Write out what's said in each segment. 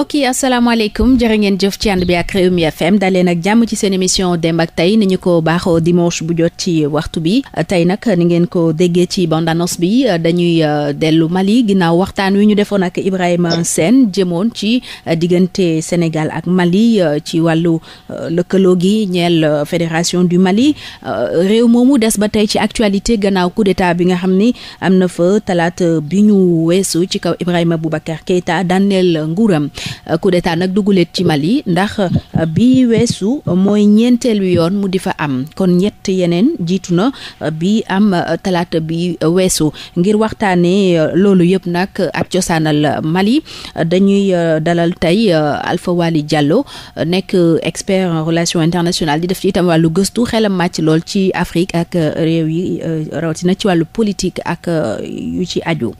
mbokk yi asalaamaaleykum jërë ngeen jëf ci ànd bi ak Rewmi FM daleen ak jàmm ci seen émission démb ak tey ni ñu ko baaxoo dimanche bu jot ci waxtu bi tey nag ni ngeen ko déggee ci bande annonce bi dañuy euh, dellu Mali ginnaaw waxtaan wi ñu defoon ak ibrahim seen jëmoon ci diggante Sénégal ak Mali euh, ci wàllu euh, lëkkaloo gi ñeel fédération du Mali réew moomu des ba tey ci actualité gannaaw coup d'état bi nga xam ni am na fa talaat bi ñu weesu ci kaw Ibrahima Boubacar Keïta daaneel nguuram. Euh, coup d'état nag duguleet ci Mali ndax euh, bii weesu euh, mooy ñeenteelu yoon mu di fa am kon ñett yeneen jiitu na bi am talaata bi weesu ngir waxtaane loolu yëpp nag ak cosaanal Mali dañuy dalal tey Alpha Wali Diallo nekk expert en relations di def ci itam wàllu gëstu xelam màcc lool ci Afrique ak réew yi rawatina ci wàllu politique ak yu ci ajo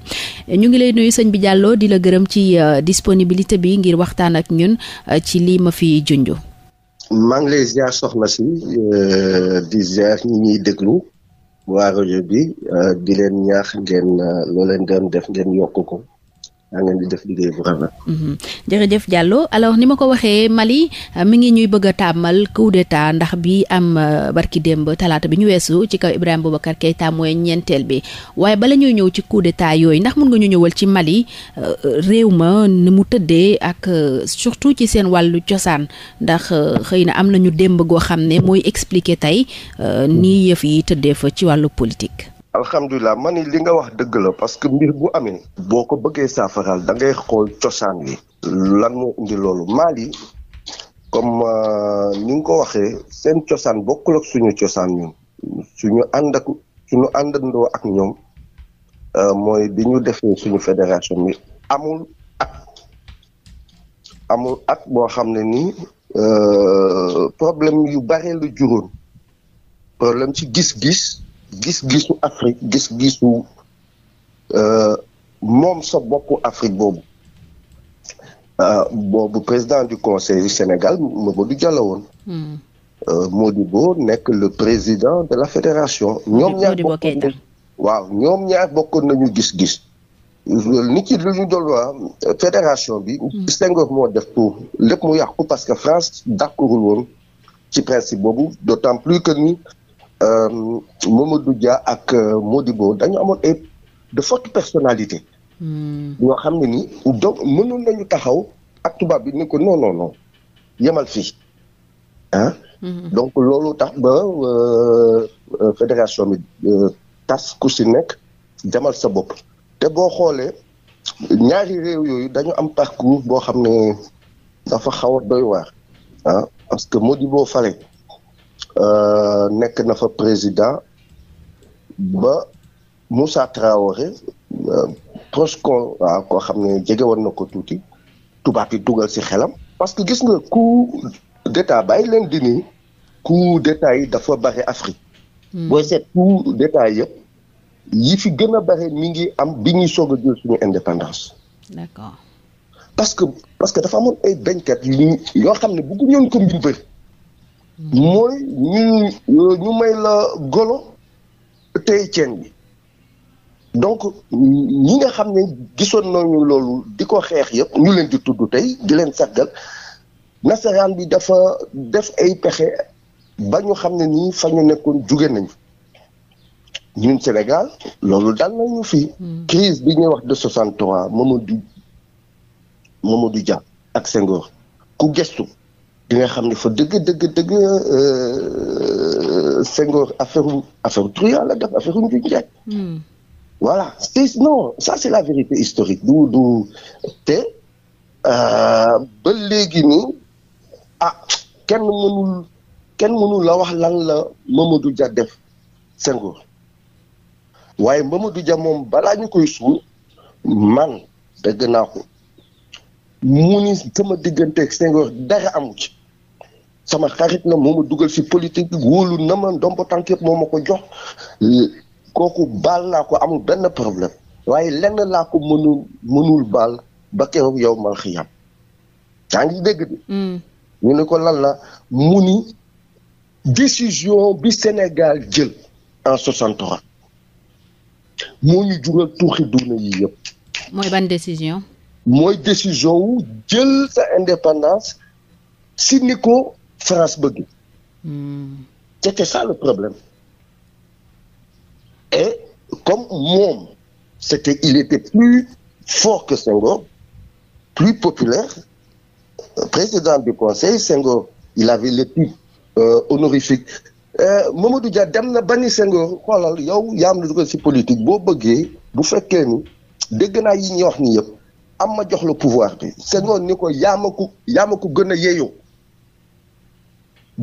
ñu ngi lay nuyu sëñ bi jàlloo di la gërëm ci euh, disponibilité bi ngir waxtaan ak ñun euh, ci lii ma fi junju maa ngi lay ziar soxna si euh, di ziar ñi ñuy déglu waa rajo bi di leen ñaax ngeen loo leen doon def ngeen yokk ko daa ngeen di def mhm. jërëjëf Diallo alors ni ma ko waxee Mali euh, mi ngi ñuy bëgg a tàmmal coup d'état ndax bi am euh, barki demb talaata bi ñu weesu ci kaw Ibrahima Boubacar Keïta mooy ñeenteel bi waaye bala ñuy ñëw ci coup d'état yooyu ndax mun nga ñu ñëwal ci Mali euh, réew ma ni mu tëddee ak surtout ci seen wàllu cosaan ndax xëy na am nañu demb goo xam ne mooy expliquer tey nii yëf yi tëddee fa ci wàllu politique. alhamdulilah man li nga wax dëgg la parce que mbir bu amee. boo ko bëggee saafaraal da ngay xool cosaan li lan moo indi loolu yi comme euh, ni nga ko waxee seen cosaan bokkul suñu cosaan ñun suñu ànd ak suñu àndandoo ak ñoom euh, mooy bi ñu defee suñu fédération bi amul at amul at boo xam ne nii euh, problème yu bare lu juróon problème ci gis-gis. gis-gisu Afrique gis-gisu euh, moom sa bopp Afrique boobu euh, boobu président du conseil du Sénégal Mamadou Diallo woon. Hmm. Euh, Modibo nekk le président de la fédération. ñoom ñaar bokkoon waaw ñoom nañu gis-gis. nit ki lu ñu doon waa fédération bi. Hmm. Senghor moo def pour lépp parce que France d'accordul woon ci principe boobu d'autant plus que ni. Euh, Mamadou jaa ak euh, Modibo dañu amoon ay de forte personnalité. ñoo hmm. xam ne ni donc nañu taxaw ak tubaab bi ni ko non non non yemal fii hmm. donc loolu tax ba euh, fédération bi tas ku si nekk jamal sa bopp. te boo xoolee ñaari réew yooyu dañu am parcours boo xam ne dafa xaw a doy waar parce que Modibo Fale Euh, nekk na fa président ba Moussa Traoré euh, proche waaw koo xam ne jege na ko tuuti tubaab yi dugal ci xelam. parce que gis nga coup d'état bàyyi leen di nii coup d'état yi dafa bare Afrique. Hmm. booy seet coup d'état yëpp yi fi gën a bare mi ngi am bi ñuy soog a jël suñu indépendance. d'accord parce que parce que dafa amoon ay bañkat yu yoo xam ne bëgguñu ko mbir bëri. mooy ñu ñu may la golo tey ceen bi donc ñi nga xam ne gisoon nañu loolu di ko xeex yëpp ñu leen di tudd tey di leen sàggal nasaraan bi dafa def ay pexe ba ñu xam ne nii fa ñu nekkoon jóge nañu ñun Sénégal loolu dal nañu fii hmm. crise bi ñuy wax de soixante trois Mamadou Mamadou Dia ak Senghor ku gestu di nga xam ne fa dëgg dëgg dëgg euh, Senghor affaire affaire truand la def affaire njuñ njaaj hmm. voilà c'est non c'est la vérité historique du du te euh, ba léegi nii ah kenn mënul kenn mënul la wax lan la Mamadou Dia def Senghor waaye Mamadou Dia moom balaa ñu koy suul man dégg naa ko mu ni sama diggante Senghor dara amu ci sama xarit na moom ma dugal si politique wóolu na ma ndombo tànk yëpp moo ma ko jox kooku baal naa ko amul benn problème waaye lenn laa ko mënul mënul baal ba keroog yow mal xiyam yaa ngi dégg bi hmm. ñu ne ko lan la mu ni décision bi Sénégal jël en 63 moo ñu jural tuuxi duna yi yëpp. mooy ban décision. mooy décision wu jël sa indépendance si ni ko France bëgg. Hmm. c'était ça le problème. et comme moom c'était il était plus fort que Senghor plus populaire euh, président du conseil Senghor il avait le euh, honorifique euh, Mamadou Dia dem na ba ni Senghor xoolal yow yaa am lu politique boo bëggee bu fekkee ni dégg naa yi ñuy wax ni yëpp am ma jox la pouvoir bi Senghor ni ko yaa ma ko yaa ma ko gën a yeyoo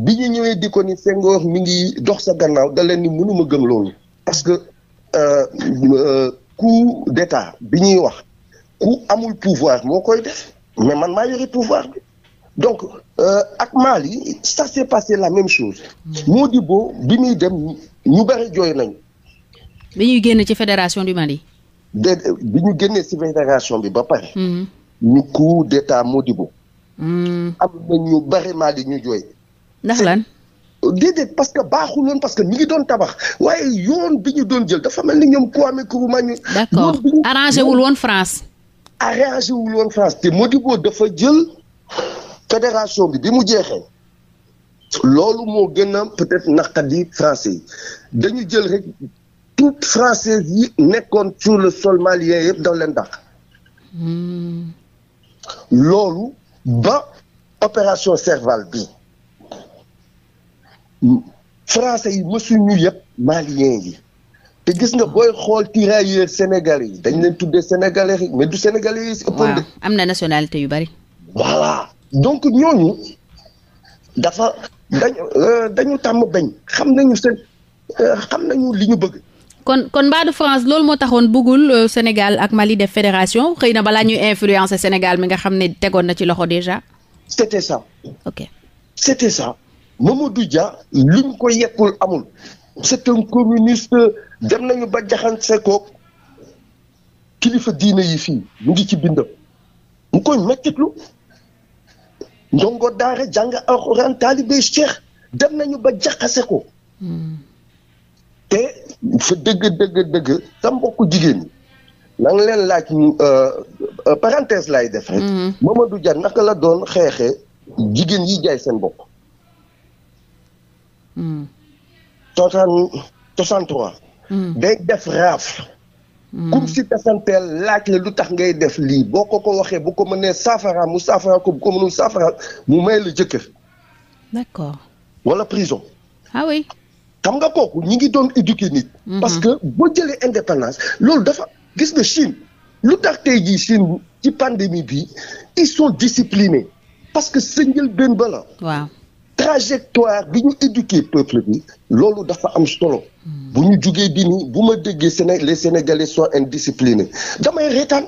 bi ñu ñëwee di ko ni Senghor mu ngi dox sa gannaaw da leen ni mënuma gëm loolu parce que euh, euh, coup d'état bi ñuy wax ku amul pouvoir moo koy def mais man maa yore pouvoir bi donc euh, ak Mali ça s'est passé la même chose hmm. Modibo bi muy dem ñu bëri jooy nañu bi ñuy génn ci fédération du Mali de bi ñu génnee ci fédération bi ba pare hmm. ñu coup d'état Modibo hmm. am na ñu bëri Mali ñu jooy ndax lan. parce que baaxuloon parce que ñi ngi doon tabax waaye yoon bi ñu doon jël dafa mel ni ñoom Kwame Nkrumah ñu. d'accord arrangé wul woon France. wul woon France te Modibo dafa jël fédération bi bi mu jeexee loolu moo gën a peut-être naqadi français yi dañu jël rek toute française yi nekkoon sur le sol malien yëpp dañ leen dàq. Hmm. loolu ba opération Serval bi. français yi mësuñu yëpp malien yi te gis nga booy xool tirailleurs sénégalais yi dañ leen tuddee sénégalais yi mais du yi si ëppoon de am na nationalité yu bari voilà donc ñooñu dafa dañu euh, tàmm bañ xam nañu seen euh, xam nañu li ñu bëgg kon kon mbaa du France loolu moo taxoon bëggul euh, Sénégal ak Mali def fédération xëy na balaa ñuy influencer Sénégal mi nga xam ne tegoon na ci loxo déjà c'était ça ok c'était ça Mamadou Dia luñ ko yekkul amul c'est un dem nañu ba jaxanse ko kilifa diine yi fii mu ngi ci bindam mu koy mettitlu ndongo daara jàng alxuraan taalibe cheikh dem nañu ba jaxase ko te fa dëgg dëgg dëgg sa mbokk jigéen ñi na leen laaj euh, euh, parenthèse laay def rek mm-hmm. Mamadou Dia naka la doon xeexee jigéen yi jaay seen bopp soixante soixante trois hmm. day def raaf hmm. kum si tasanteel laaj la lu tax ngay def lii boo ko ko waxee bu ko mënee saafara mu saafara ko bu ko mënul saafara mu may la jëkkër d'accord wala prison ah xam nga kooku ñu ngi doon éduquer nit hmm. parce que boo jëlee indépendance loolu dafa gis nga Chine lu tax tey jii Chine ci pandémie bi ils sont disciplinés parce que sënjël benn ba la waaw trajectoire bi ñu éduquer peuple bi loolu dafa am solo hmm. bu ñu jugee di bu ma déggee Séné les Sénégalais sont indisciplinés damay reetaan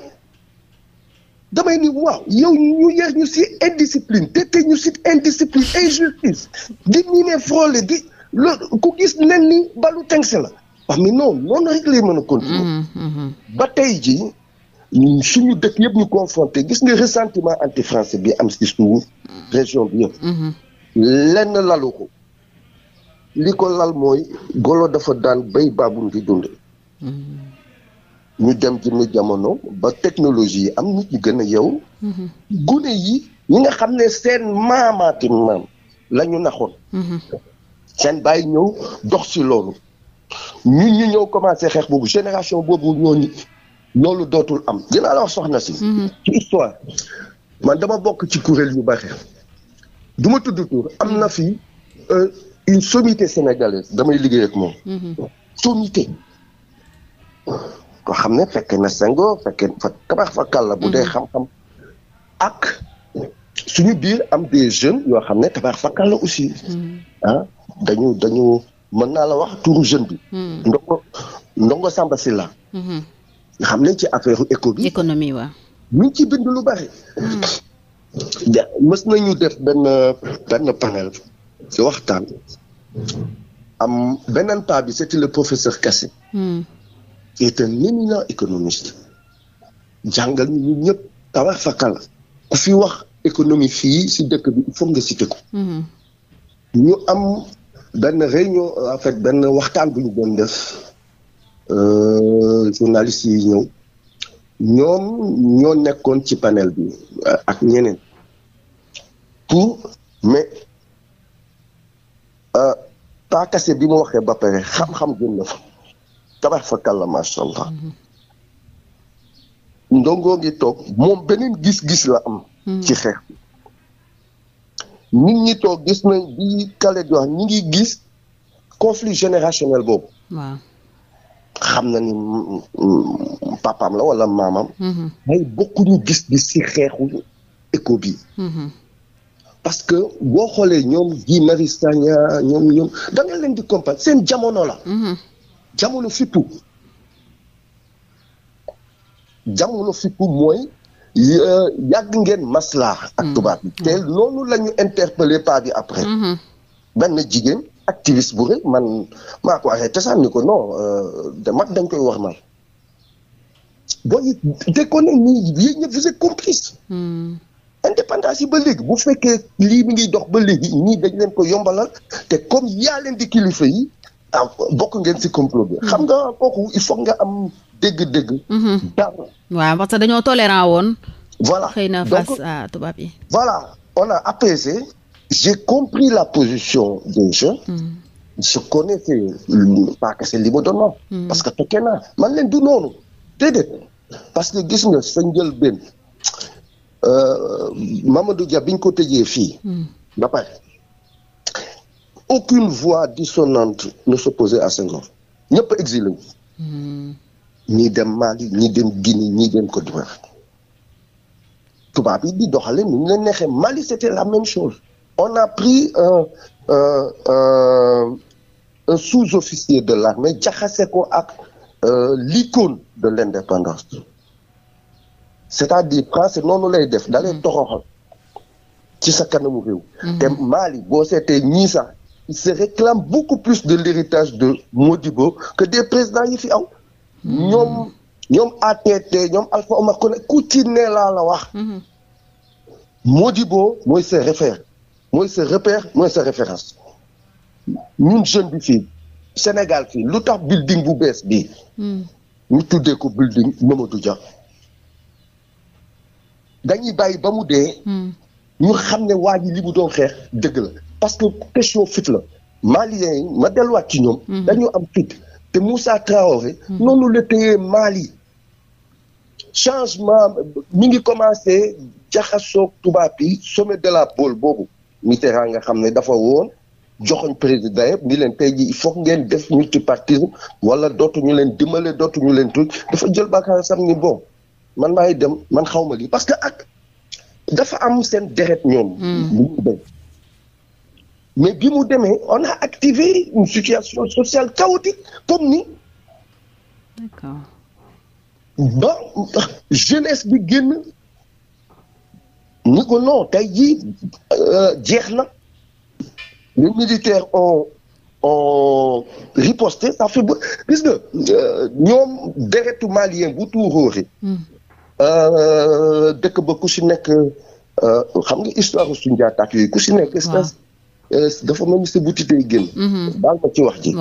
damay ni waaw yow ñu yar ñu si indiscipline te te ñu si indiscipline injustice di nii ne frôlé di loolu ku gis nen ni balu tengse la wax mi non noonu rek ma mën a continuer hmm, hmm, ba tey ji suñu dëkk yëpp ñu confronté gis nga ressentiment anti français bi am si suuf région bi yëpp lenn lalu ko li ko lal mooy golo dafa daan béy baabur di dund. Mm-hmm. ñu dem ci jamono ba technologie yi am nit ñi gën a yow. Mm-hmm. gune yi ñi nga xam ne seen maamaati maam la ñu naxoon. Mm-hmm. seen bàyyi ñëw dox si loolu. ñu ñëw commencé xeex boobu génération boobu ñooñu loolu dootul am dinaa la wax soxna si. ci histoire man dama bokk ci kuréel yu bari. du ma tudd tur am na fi euh, une sommité sénégalaise damay liggéey ak moom. Mhm. sommité. ko xam ne fekke na Senghor fekke fa kabax fa kàlla bu dee mhm. xam-xam ak suñu biir am des jeunes yoo xam ne kabax fa kàlla aussi. Mhm. Ah, dañu dañu mën naa la wax turu jeune bi. ndongo ndongo Samba xam ne ci affaire éco économie waaw. mës nañu def benn benn panel ci waxtaan am beneen paa bi c'était le professeur Kassé hmm. qui est un éminent jàngal ñu ñëpp tawax fakal ku fi wax économie fii si dëkk bi il faut nga cité hmm. ñu am benn réunion en benn waxtaan bu ñu doon def euh, journaliste yi ñëw ñoom ñoo nekkoon ci panel bi ak ñeneen pour mais euh, paakase bi mu waxee ba pare xam-xam gën fa tabax fa kàlla macha allah ndongo ngi toog moom beneen gis-gis la am. Hmm. ci xeex bi nit ñi toog gis nañ bi kale di wax ñi ngi gis conflit générationnel boobu. xam na ni papaam la wala maamam. Mm-hmm. may bokkuñu gis-gis ci xeexu éco mm-hmm. parce que boo xoolee ñoom Guy Marius Sagna ñoom ñoom da nga leen di comprendre seen jamono la. Mm-hmm. jamono fippu. jamono fippu mooy euh, yàgg ngeen masla ak tubaab bi te loolu la ñu interpellé pas bi après. jigéen. activiste bu rëy man maa ko waxee tesaan ni ko non euh, de dañ koy war mal boo it déconné nii yéen ñëpp vous êtes complice hmm. indépendance yi ba léegi bu fekkee lii mi ngi dox ba léegi ñii dañ leen ko yombalal te comme yaa leen di kilifa yi ah bokk ngeen si complot bi. xam nga kooku il faut nga am dégg-dégg. Hmm. dara waaw parce que dañoo tolérant woon. voilà xëy na face tubaab yi. voilà on a apaisé. J'ai compris la position des gens. Mm. je connais que paakase li ma parce que fekkee naa man leen du noonu déedéet parce que gis nga sa njëlbéen euh, Mamadou Dia biñ ko tëjee fii mm. ba pare aucune voix dissonante ne s'opposait à Senghor ñëpp exilé wu mm. ñii dem Mali ñii dem Guinée ñii dem Côte d'Ivoire tubaab yi di Mali c'était la même chose on a pris un euh, euh, sous-officier de l'armée jaxase ko ak euh, l'icône de l'indépendance c'est-à-dire français noonu lay def da lay mm-hmm. toroxal ci sa kanamu réew. Mm-hmm. te Mali boo seetee ñii sax il se réclame beaucoup plus de l'héritage de Modibo que des présidents yi fi aw. Mm-hmm. ñoom ñoom ATT ñoom Alpha Oumar Koné ku ci ne laa la Modibo mooy se réfère. mooy sa repère mooy sa référence ñun jeune bi fii Sénégal fii lu tax building bu bees bi hmm. ñu tuddee ko building Mamadou Dia. dañuy bàyyi ba mu dee. Hmm. ñu xam ne waa ji li mu doon xeex dëgg la parce que question fit la maliens ma delluwaat ci ñoom. Hmm. dañu am fit te Moussa Traoré. noonu la téye changement mi ngi commencé jaxasoog tubaab yi sommet de la boole boobu. Mitterrand nga xam ne dafa woon joxoñ président yëpp ni leen tey ji il faut ngeen def multipartisme wala dootuñu leen dimbale dootuñu leen tuuti dafa jël baakaar sam ni bon man maay dem man xaw ma lii parce que ak dafa am seen deret ñoom. Hmm. mais bi mu demee on a activé une situation sociale chaotique comme ni. ba jeunesse bi génn. ñu ko non tey ji euh, jeex na les militaires ont ont riposté ça euh, ñoom deretu malien bu tuuróore hmm. euh, dëkk ba ku si nekk xam nga histoire Soundiata ak yooyu ku si nekk dafa mel ni sa buti tey génn daal hmm. ci wax ji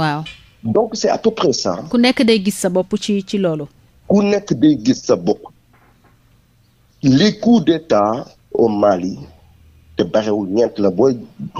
donc c'est à peu près ça ku nekk day gis sa bopp ci ci loolu ku nekk day gis sa bopp les coups d'état au Mali te barewul ñeent la booy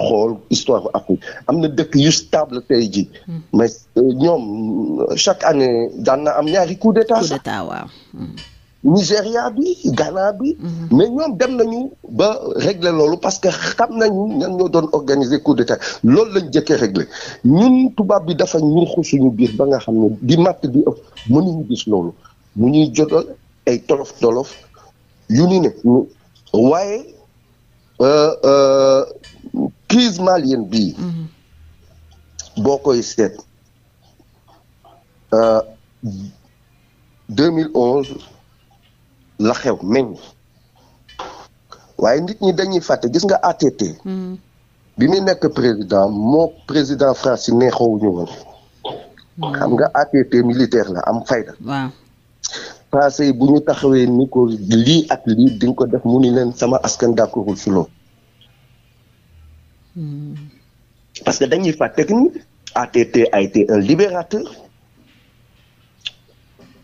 xool histoire bu Afrique am na dëkk yu stable tey ji hmm. mais euh, ñoom euh, chaque année daan na am ñaari coup d'état coup d'état waaw hmm. Nigéria bi Ghana bi hmm. mais ñoom dem nañu ba régler loolu parce que xam nañu ñan ñoo doon organiser coup d'état loolu lañ jëkkee régler ñun tubaab bi dafa ñurxu suñu biir ba nga xam ne di matt di ëpp mënuñu gis loolu mu ñuy jotal ay tolof tolof yu ni ne waaye euh, euh, crise malienne bii mhm. boo koy seet euh, deux mille la xew meññ waaye nit ñi dañuy fàtte gis nga ATT mhm. bi muy nekk président moo président France yi neexoowuñu woon mhm. xam nga ATT militaire la am fayda waaw passé bu ñu taxawee ni ko lii ak lii di ko def mu ni leen sama askan d'accordul si loolu hmm. parce que dañuy fàtte que ni ATT a été un libérateur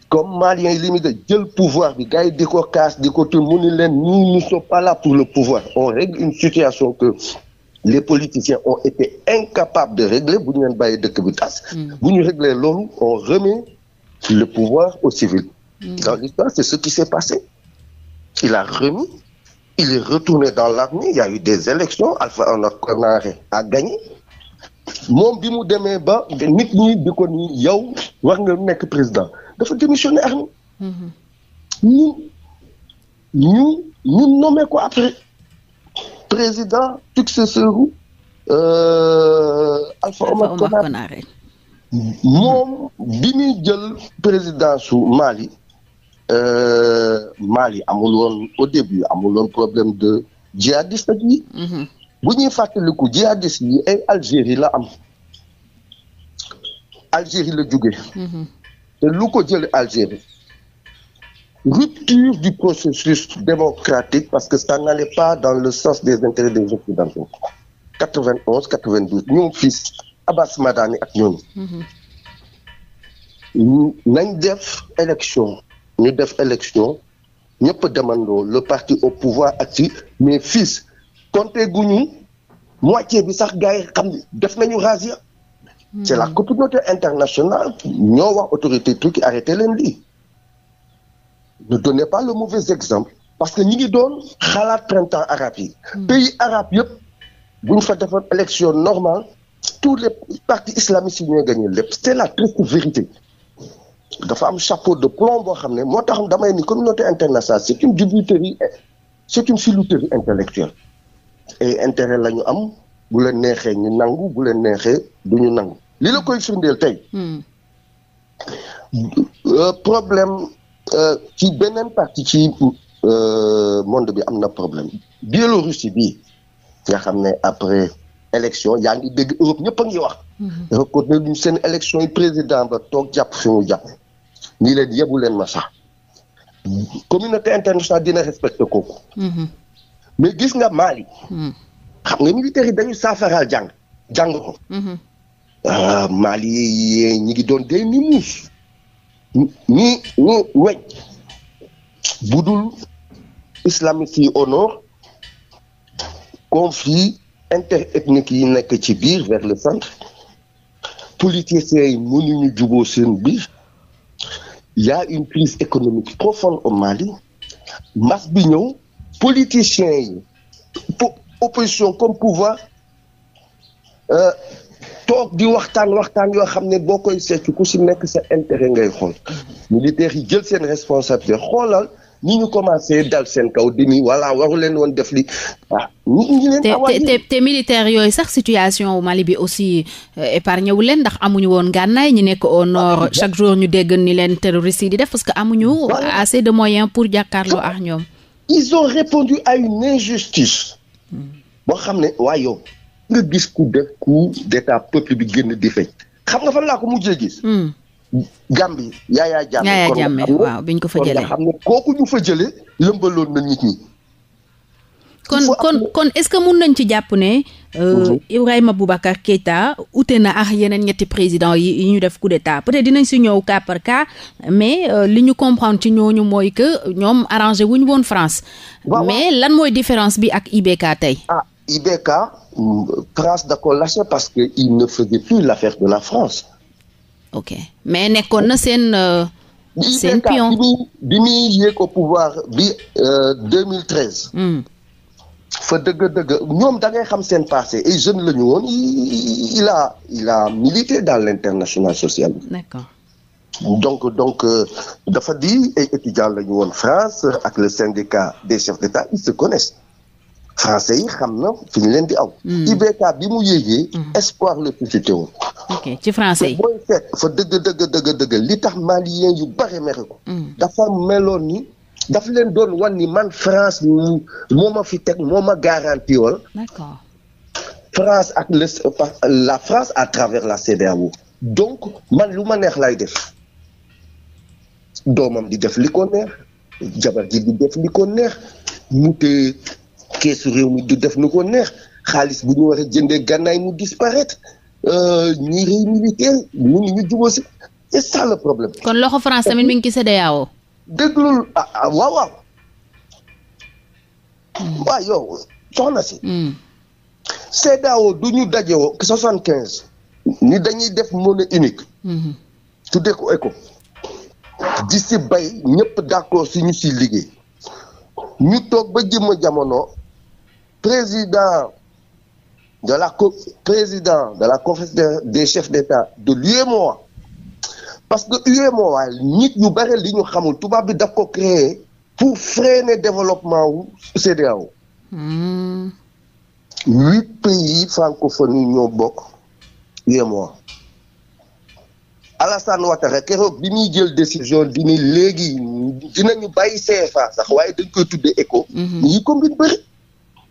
comme Malien yi li mu jël pouvoir bi gars yi di ko kaas di ko tur mu ni leen nous ne sommes pas là pour le pouvoir on règle une situation que les politiciens ont été incapables de régler bu ñu leen bàyyi dëkk bi tas hmm. bu ñu régler loolu on remet le pouvoir aux civils Mmh. Dans l'histoire, c'est ce qui s'est passé. Il a remis, il est retourné dans l'armée, il y a eu des élections, Alpha Condé a gagné. moom bi mu demee ba nit ñi di ko ni yow nga nekk président dafa démissionné armée ñu ñu ñu nommé ko après président successeur euh, Alpha Omar moom bi président su Mali Euh, Mali amul woon au début amul woon problème de djihadiste yi. Mhm. bu ñuy fàttaliku djihadiste yi ay Algérie la am. Algérie la jóge mhm. te lu ko Algérie rupture du processus démocratique parce que ça n'allait pas dans le sens des intérêts des occidentaux ñu def élection ñëpp demandoo le parti au pouvoir ak ci mais fils compté guñu moitié bi sax gars yi xam def nañu razzia hmm. c'est la communauté internationale ñoo wax autorité turque arrêté le lii ne donnez pas le mauvais exemple parce que ñu ngi doon xalaat printemps arabe yi hmm. pays arabe yëpp bu ñu fa defoon élection normale tous les partis islamistes yi ñooy gagné lépp c'est la triste vérité dafa am chapeau de plomb boo xam ne moo tax damay ni communauté internationale c'est une dibuterie c'est une filouterie intellectuelle et intérêt la am bu leen neexee ñu nangu bu leen neexee du ñu nangu li la koy firndeel tey hmm. euh, problème euh, ci beneen partie ci euh, monde bi am na problème Biélorussie bi nga xam ne après élection yaa ngi dégg Europe ñëpp a ngi wax. Mhm. dafa continuer duñ seen élection yi président ba toog jàpp fi mu jàpp nii leen yebu leen ma sax communauté internationale dina respecté kooku. Mhm. mais gis nga Mali. Mhm. xam nga militaire dañu saafaraal jàng jàng ah, Mali yi ñi ngi doon dee ni muus. ñi weñ. budul islamiste yi conflit interethnique yi nekk ci biir vers le centre politiciens yi mënuñu juboo seen bi y une crise économique profonde au Mali mbas bi ñëw politiciens yi opposition comme pouvoir euh, toog di waxtaan waxtaan yoo xam ne boo koy seetlu ku si nekk sa intérêt ngay xool militaires yi jël seen responsabilité xoolal ñi ñu commencé dal seen kaw demi voilà waru leen woon def li ah, te ñi te te militaire yooyu sax situation Mali bi aussi euh, épargné wu leen ndax amuñu woon gànnaay ñu nekk au nord ah, chaque jour ñu dégg ni leen terroriste yi di def parce que amuñu assez de moyens pour jàkkaarloo ak ñoom ils ont répondu à une injustice hmm. boo xam ne waa yow nga gis ku def coup d'état peuple bi génn di fay xam nga fan laa ko mujjee gis hmm. Gambie Yaya Jammeh. waaw bi ñu ko fa jëlee xam ne kooku ñu fa jëlee lëmbaloon na nit ñi. kon kon est-ce que mun nañ ci jàpp ne. Euh, mhm. Ibrahima Boubacar Keita ute na ak yeneen ñetti président yi ñu def coup d'état peut-être dinañ si ñëw cas par cas mais euh, li ñu comprendre ci ñooñu mooy que ñoom arrangé wuñu woon France. mais lan mooy différence bi ak IBK tey. ah IBK mm, France da ko parce que ne faisait plus l'affaire de la France. ok mais nekkoon na seen. Euh, seen pion bi muy yéeg au pouvoir bi 2013. Euh, hmm. fa dëgg-dëgg ñoom da ngay xam seen passé et jeune la ñu woon il a il a milité dans l'international social. donc donc euh, dafa di ay étudiants la ñu woon France ak le syndicat des chefs d'État ils se connaissent. français yi xam na fi ñu leen di aw. IBK hmm. bi mu yéegee. Hmm. espoir la suscité woon. ok ci français yi. booy seet fa dëgg dëgg dëgg dëgg li tax malien yu bare mere ko. Hmm. dafa meloon ni daf leen doon wan ni man France moo ma fi teg moo ma garanti woon. d'accord. ak la France à travers la CEDEAO donc man lu ma neex lay def doomam di def li ko neex jabar ji di def li ko neex mu te keesu réew mi du def lu ko neex xaalis bu ñu war a jëndee gànnaay mu disparaître euh, ñi réew militaire ñu ñu jubóo si c'est ça le problème. kon loxo France tamit mi ngi ci CEDEAO. Ah, ah, hmm. du ñu dajewoo soixante quinze. ni dañuy def monnaie unique. Hmm. tuddee ko ECO. di si bay ñëpp d'accord si ñu si liggéey. ñu toog ba jëmm jamono. président de la président de la conférence des chefs d'État de l'UEMOA parce que UEMOA nit ñu bëri li ñu xamul tubaab bi daf ko créer pour freiner développement wu CEDEAO hmm. huit pays francophones yi ñoo bokk UEMOA Alassane Ouattara keroog bi muy jël décision di ni léegi dinañu bàyyi CFA sax waaye dañ koy tuddee ECO. combine hmm. bëri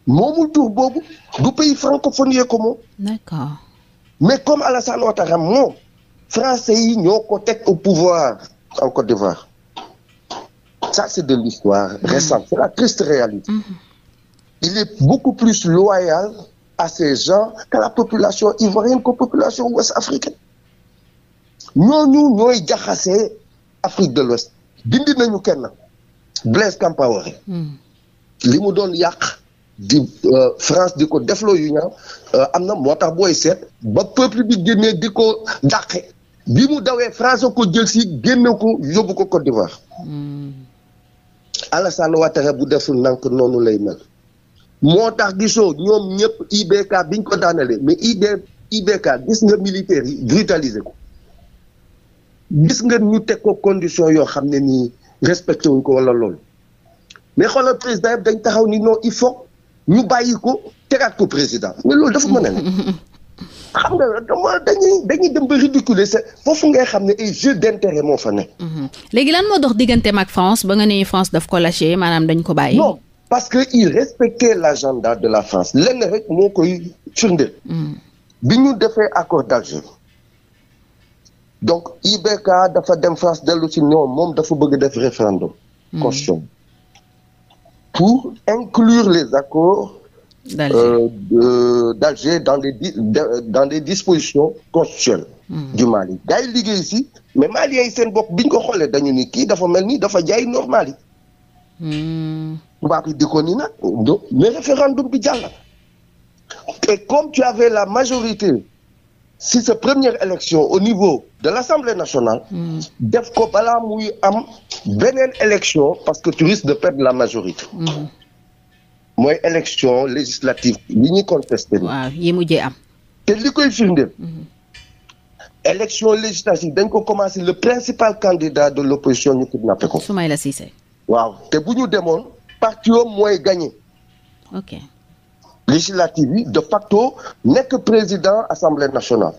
moomul tur boobu du pays francophone yee mais comme Alassane Ouattara moom français yi ñoo ko teg au pouvoir en Côte d'Ivoire c'est de l'histoire mm-hmm. récente c'est la triste réalité mm-hmm. il est beaucoup plus loyal à ces gens qu'à la population ivoirienne qu'aux populations ouest-africaines ñooñu ñooy jaxasee Afrique de l'Ouest dindi nañu kenn Blaise Compaoré mm. li yàq di euh, France di ko defloo yu ñaaw euh, am na moo tax booy seet ba peuple bi génnee di ko dàqe bi mu dawee France ko jël si génne ko yóbbu ko Côte d'Ivoire hmm. Alassane Ouattara bu deful nank noonu lay mel moo tax gisoo ñoom ñëpp IBK biñ ko daanalee mais id IBK gis nga militaires yi brutaliser ko gis nga ñu teg ko condition yoo xam ne nii respecté wuñ ko wala loolu mais xoolal président yëpp dañ taxaw ni non il faut ñu bàyyi ko tegaat ko président mais loolu dafa mën a nekk xam nga dama dañuy dañuy dem ba ridiculer sa foofu ngay xam ne ay jeu d'intérêt moo fa nekk. Mhm. léegi lan moo dox digganteem ak France ba nga ne France daf ko lâché maanaam dañ ko bàyyi. non parce que il respectait l'agenda de la France lenn rek moo koy firndeel. Mhm. bi ñu defee accord d'Alger donc IBK dafa dem France dellu ci ñoom moom dafa bëgg def référendum. constitution mhm. pour inclure les accords d'Alger euh, dans les dans les dispositions constitutionnelles hmm. du Mali gars yi liggéey si mais Mali yi seen bopp bi ñu ko xoolee dañu ni kii dafa mel ni dafa jaay normal yi hmm. tubaab yi di ko ni nag mais référendum bi jàll et comme tu avais la majorité si sa première élection au niveau de l'Assemblée nationale mm. def ko balaa muy am beneen élection parce que tu risques de perdre la majorité hmm. mooy élection législative li ñuy contesté ni waaw yi mujjee am te li koy firndeel hmm. élection législative dañ ko commencé le principal candidat de l'opposition ñu kidnappé ko Soumaïla Cissé waaw te bu ñu demoon parti am mooy gagné législative yi de facto nekk président assemblée nationale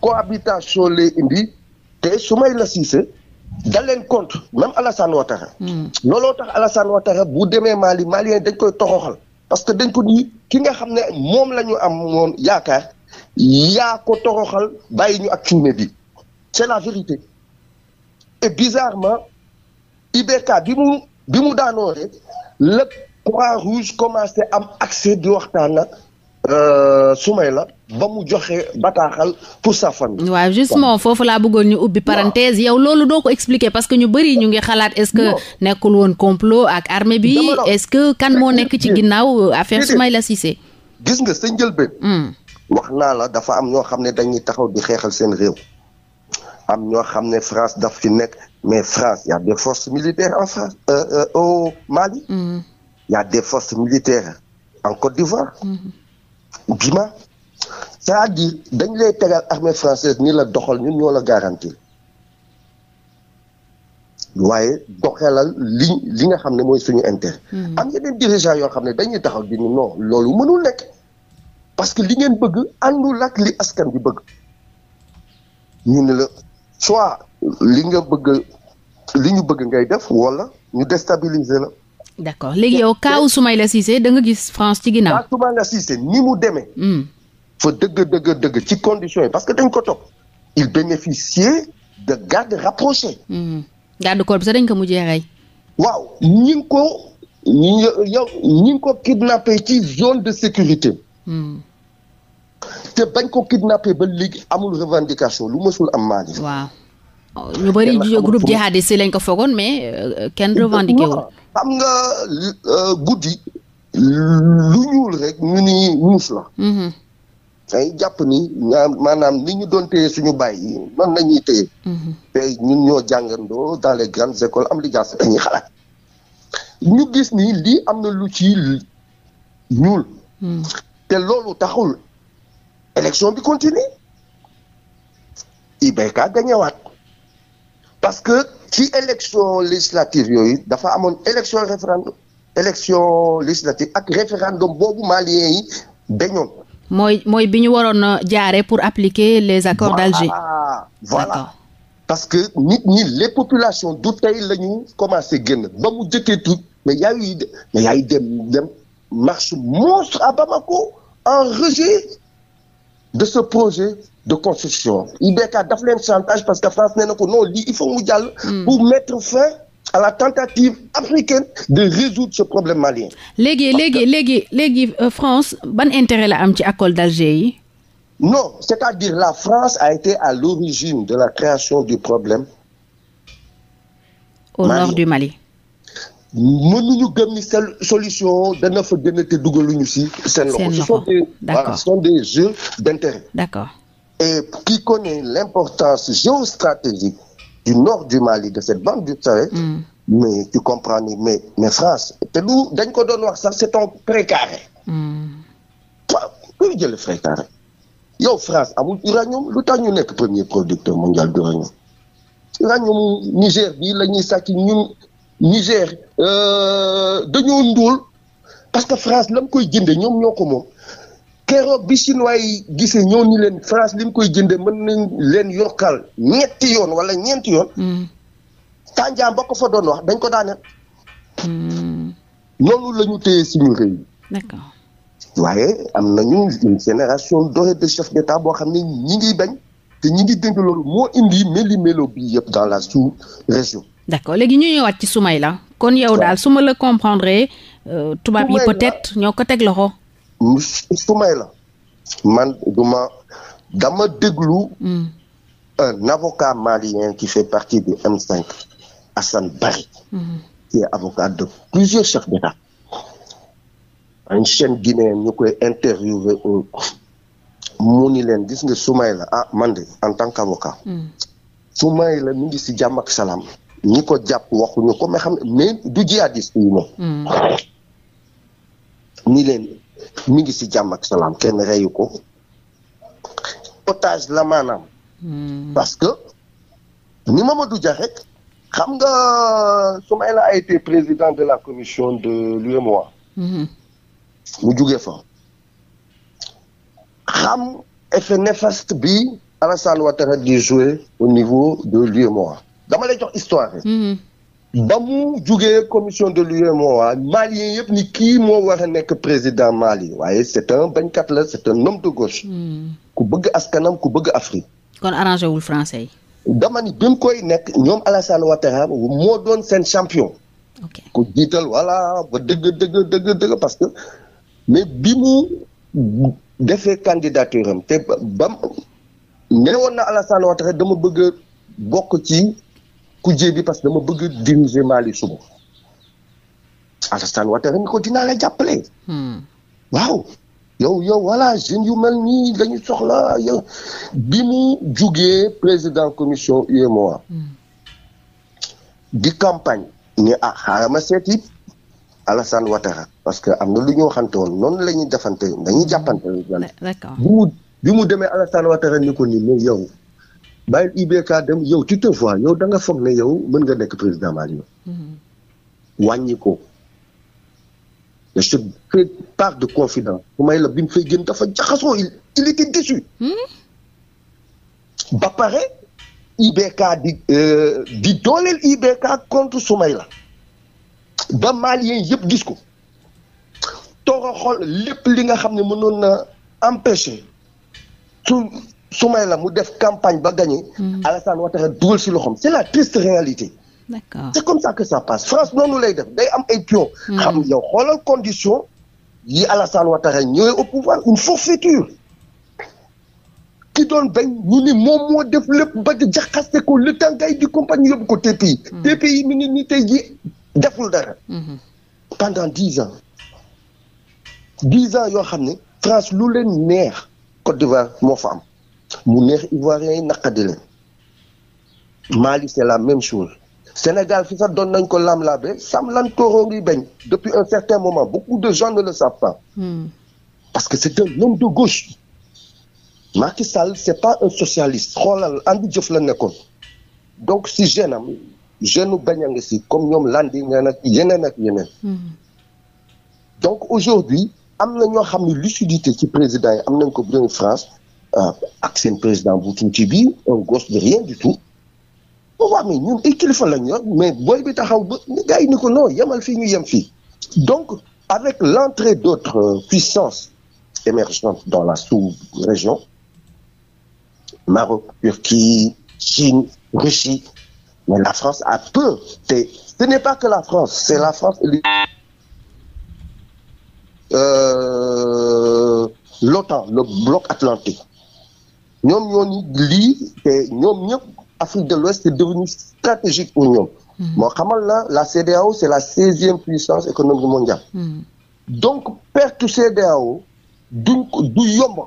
cohabitation le indi te su Soumaïla Cissé dal leen compte même Alassane Ouattara hmm. looloo tax Alassane Ouattara bu demee Mali Malien dañ koy toxoxal parce que dañ ko ni ki nga xam ne moom la ñu am moom yaakaar yaa ko toroxal bàyyi ñu ak cuune bi c'est la vérité et bizarrement IBK bi mu bi mu daanoo croix rouge commencé am accès di waxtaan ak euh, la ba mu joxe bataaxal pour sa famille. waaw justement foofu laa bëggoon ñu ubbi parenthèse yow loolu doo ko expliquer parce que ñu bëri ñu ngi xalaat est-ce que nekkul woon complot ak armée bi est-ce que kan moo nekk ci ginnaaw euh, affaire la Cissé. gis nga sa njëlbeen. Hmm. wax naa la dafa am ñoo xam ne dañuy taxaw di xeexal seen réew. am ñoo xam ne France daf fi nekk mais France y a des militaire militaires en France euh, au Il y a des forces militaires en Côte d'Ivoire. Bima. cest à dañ lay tegal armée française ni la doxal ñun ñoo la garantir waaye doxalal li li nga xam ne mooy suñu intérêt. Mm-hmm. am yeneen dirigeants yoo xam ne dañuy taxaw di ni loolu mënul nekk parce que li ngeen bëgg àndul ak li askan bi bëgg ñu ne la soit li nga bëgg li ñu bëgg ngay def wala ñu déstabiliser la. d'accord léegi yow kaw Soumaïla Cissé da nga gis France ci ginnaaw. waaw Soumaïla Cissé ni mu demee. Hmm. fa dëgg dëgg dëgg ci condition yi parce que dañ ko topp. il bénéficiait de garde rapprochée. Hmm. garde corps bi dañ ko mujjee rey. waaw ñi ngi ko yow ñi ci zone de sécurité. Hmm. te bañ ko kidnappé ba léegi amul revendication lu mësul am Mali. waaw. ñu bëri groupe jihadiste lañ ko foogoon mais euh, kenn revendiqué wu. xam nga euh, guddi lu ñuul rek ñu ni muus la. day mm-hmm. jàpp ni maanaam li ñu doon téye suñu bàyyi yi man la ñuy téye. Mm-hmm. te ñun ñoo jàngandoo dans les grandes écoles am li jaas ñu gis ni lii am na lu ci ñuul. Mm-hmm. te loolu taxul élection bi continuer. i baykat gañewaat parce que ci élection législative yooyu dafa amoon élection référendum élection législative ak référendum boobu maliens yi dañoon mooy mooy bi ñu waroon jaare pour appliquer les accords d'Alger voilà parce que nit ñi les populations du tey la ñu commencé génn ba mu jëkkee tuut mais yaa ngi dem dem marche monstre à Bamako en rejet de ce projet de construction IBK daf leen chantage parce que France nee na ko non lii il faut mu jàll hmm. pour mettre fin à la tentative africaine de résoudre ce problème malien léegi léegi léegi léegi euh, France ban intérêt la am ci accord d'Alger yi non c'est-à-dire la France a été à l'origine de la création du problème au Mali. nord du Mali mënuñu gëm ni seen solution dana fa gën a te dugaluñu si se loxo ce sont des voilà ce sont des jeux d'intérêt et qui connaît l'importance géostratégique du nord du Mali de cette bande du Sahel mm. mais tu comprends ni mais France te lu dañ ko doon wax sax c'est un précaré waaw mm. kuy jële précaré yow France amul uranium lu tax ñu nekk premier producteur mondial d'uranium uranium Niger bii la ñuy sàcc ñun Niger euh, dañoo ndóol parce que France lam koy jëndee ñoom ñoo ko moom keroog bi chinois yi ñoo ni leen France lim koy jëndee mën nañ leen yokkal ñetti yoon wala ñeenti yoon. tànjaam mm. ba ko fa doon wax dañ ko daaneel. Mm. noonu la ñu téye suñu réew waaye am nañu une génération dorée de chef d'État boo xam ne ñi ngi bañ te ñi ngi dënk loolu moo indi méli mélo bi yëpp dans la sous-région. d'accord léegi ñu ñëwaat ci Soumaïla kon yow daal su ma la comprendre euh, tubaab yi ñoo ko teg loxo. Soumaïla man duma dama déglu. Hmm. un avocat malien qui fait partie du M5 Hassan Bari. Hmm. qui est avocat de plusieurs leen gis nga Soumaïla ah man de en tant qu'avocat. Hmm. Soumaïla mi ngi ci salaam. ñi ko jàpp waxuñu ko mais xam mais du jihadiste yi moom. Hmm. ni leen mi ngi si jàmm ak salaam kenn reyu ko otage la maanaam. Hmm. parce que ni Mamadou Dia rek xam nga Soumaïla a été président de la commission de l'UEMOA. Hmm. mu jugee fa. xam effet néfaste bi Alassane Ouattara di de l'UEMOA. dama lay jox histoire mm-hmm. ba mu jugee commission de l'UEMOA Malien yëpp ni kii moo war a nekk président Mali waaye c'est un bañkat la c'est un homme de gauche. Mm-hmm. ku bëgg askanam ku bëgg Afrique. kon arrangé wul français yi. dama ni bi mu koy nekk ñoom Alassane Ouattara moo doon seen champion. ok ku jiital voilà ba dëgg dëgg dëgg dëgg parce que mais bi mu defee candidature te ba newoon na Alassane Ouattara dama bëgg bokk ci. kujje bi parce que dama bëgg diriger Mali suba Alassane Ouattara ni ko dinaa la jàppale. Hmm. waaw yow yow voilà jeunes yu mel nii dañu soxla yow bi mu jugee président commission UEMOA. Hmm. di campagne ni ah xaaral ma seet it Alassane parce que am na lu ñu waxante woon noonu la ñuy defante dañuy hmm. jàppante. bi mu demee Alassane Ouattara ni ni mais yow. bàyyil IBK dem yow tu te vois yow da foog ne yow mën nga nekk président Mali mm-hmm. wàññi ko mais je te part de confident bu may la bi mu fay génn dafa jaxasoo il il était déçu mm-hmm. ba pare IBK euh, di dooleel IBK contre Soumaïla ba Maliens yëpp gis ko toog a xool lépp li nga xam ne mënoon na empêcher la mu def campagne ba gagné. Hmm. Alassane Ouattara dugal si loxoom c' la triste réalité. d' accord c' est comme ça que ça passe France noonu lay def day am ay pion. Hmm. xam yow xoolal condition yi Alassane Ouattara ñëwee au pouvoir une forfaiture. ki doon bañ ñu ni moom moo def lépp ba jaxaste ko le tàngaay du compagnie yóbbu ko TPI. Hmm. TPI mi ngi nii tey jii deful dara. pendant dix ans dix ans yoo xam ne France lu leen neex Côte d'Ivoire moo fa am. mu neex ivoirien yi naqadi leen Mali c'est la même chose Sénégal fi sax doon nañ ko lam-labe samlantooroo ngi bañ depuis un certain moment beaucoup de gens ne le savent pas hmm. parce que c'est un homme de gauche Macky Sall c'est pas un socialiste xoolal andi jëf la nekkoon donc si jeune am jeune bañ a ngi si comme ñoom landi neen ak ak yeneen hmm. donc aujourd'hui am na ñoo lucidité ci président am nañ ko bu France Euh, ak seen président bu tuuti bii un gosse de rien du tout waaw mais ñun ay kilifa la yor mais booy bi taxaw ba gars yi ni ko non yemal fii ñu yem fii donc avec l'entrée d'autres euh, puissances émergentes dans la sous-région Maroc Turquie Chine Russie mais la France a peur te n'est pas que la France c'est la France e e euh, l'OTAN le bloc atlantique ñoom ñoo ñu lii te ñoom ñëpp Afrique de l'Ouest est devenue stratégique pour ñoom. Hmm. moo xamal la la CEDEAO c'est la seizième puissance économique mondiale. Mm. donc perte CEDEAO duñ ko du yomb.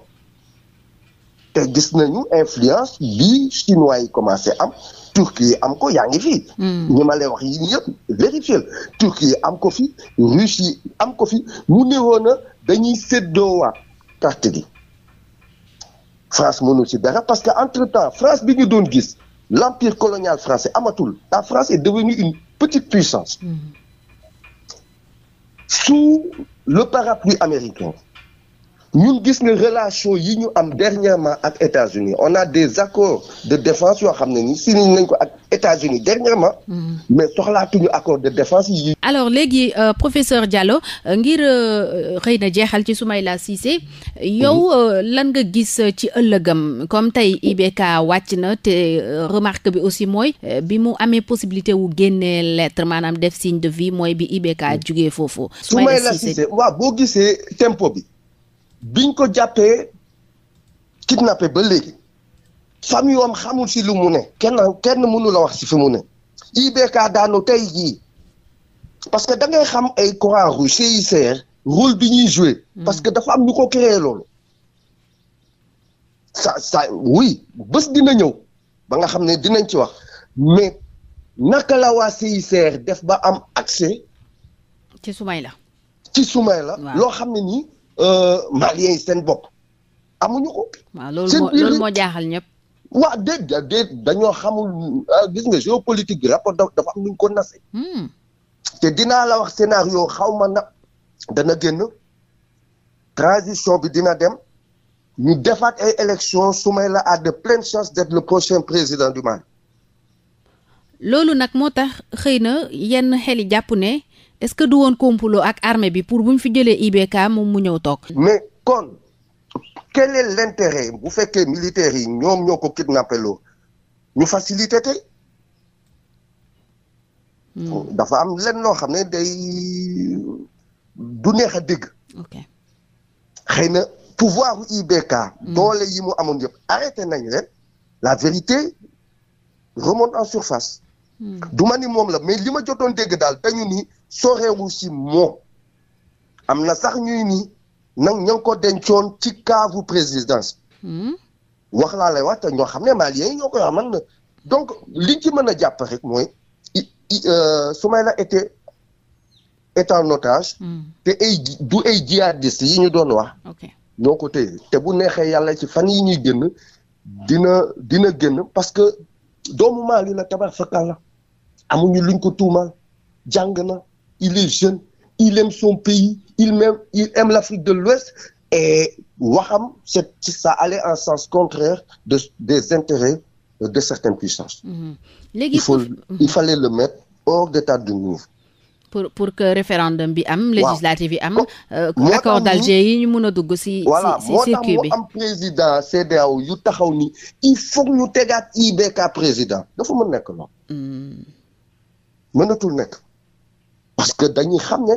te gis nañu influence bi chinois yi commencé am Turquie am ko yaa ngi fi. ñi hmm. ma lay wax yi yëpp vérifié Turquie am ko fi Russie am ko fi mu néewoon dañuy séddoowaat carte France mënul parce que entre temps France bi ñu l'empire colonial français amatul la France est devenue une petite puissance. Mm-hmm. sous le parapluie américain. ñun gis nga relation yi ñu am dernièrement ak États-Unis on a des accords de défense yoo xam ne ni signé nañ ko ak États-Unis dernièrement mm-hmm. mais soxlaatuñu accord de défense yi. alors léegi euh, professeur Diallo euh, ngir euh, xëy na jeexal ci la Cissé yow mm-hmm. euh, lan nga gis ci ëllëgam comme tey IBK wàcc na te remarque bi aussi mooy bi mu amee possibilité wu génnee lettre maanaam def signe de vie mooy bi IBK mm-hmm. jugee foofu. Soumaïla Cissé waaw boo gisee tempo bi. biñ ko jàppee kidnappé ba léegi famille xamul si lu mu ne kenn kenn mënula wax si fi mu ne IBK daanu tey jii parce que da ngay xam ay courant rouge CICR rôle bi ñuy joué hmm. parce que dafa am ñu ko créé loolu ça ça oui bés dina ñëw ba nga xam ne dinañ ci wax mais naka la waa CICR def ba am accès ci Soumaïla ci Soumaïla loo xam ne nii Euh, maliens yi seen bopp amuñu ko. loolu moo jaaxal ñëpp. waaw déet dañoo xamul ah, gis nga géopolitique bi rapport dafa am nuñ ko nase hmm. te dinaa la wax scénario xaw ma na dana génn transition bi dina dem ñu defaat ay élections Soumaïla a de pleines chances d'être le prochain président du Mali. loolu nag moo tax xëy na yenn xel yi jàpp ne. est-ce que du woon complot ak armée bi pour bu ñu fi jëlee IBK moom mu ñëw toog. mais kon quel est l'intérêt bu fekkee militaires yi ñoom ñoo ko kidnappé loo ñu facilité tey. Hmm. dafa am lenn loo xam ne day du neex a dégg. ok na pouvoir IBK. Hmm. doole yi mu amoon yëpp arrêté nañ leen la vérité remonte en surface. Hmm. du ma ni moom la mais li ma jotoon dégg daal dañu ni. sorewu si moom am na sax ñuy ni nag ña ngi dencoon ci caavu présidence hmm? wax laa lay wax ta ñoo xam ne maliens yi ñoo koy wax man na donc liñ ci mën a jàpp rek mooy euh, Soumaïla était est en otage hmm. te ay du ay jihadistes yi ñu doon wax ñoo ko téye te bu neexee yàlla ci fan yi ñuy génn dina dina génn parce que doomu Mali la tabar fakal la amuñu luñ ko tuumal jàng na il est jeune il aime son pays il aime il aime l'Afrique de l'Ouest et waxam c'est ça allait en sens contraire de des intérêts de certaines puissances. Mhm. léegi il faut il fallait le mettre hors d'état de pour pour que référendum bi am. législative i am. Oh, euh, accord d'Alger yi ñu mun a dugg si. si circuit bi voilà moo tax président CEDEAO yu taxaw ni il faut ñu tegaat IBK président dafa nekk lool. Mm. nekk. parce que dañuy xam ne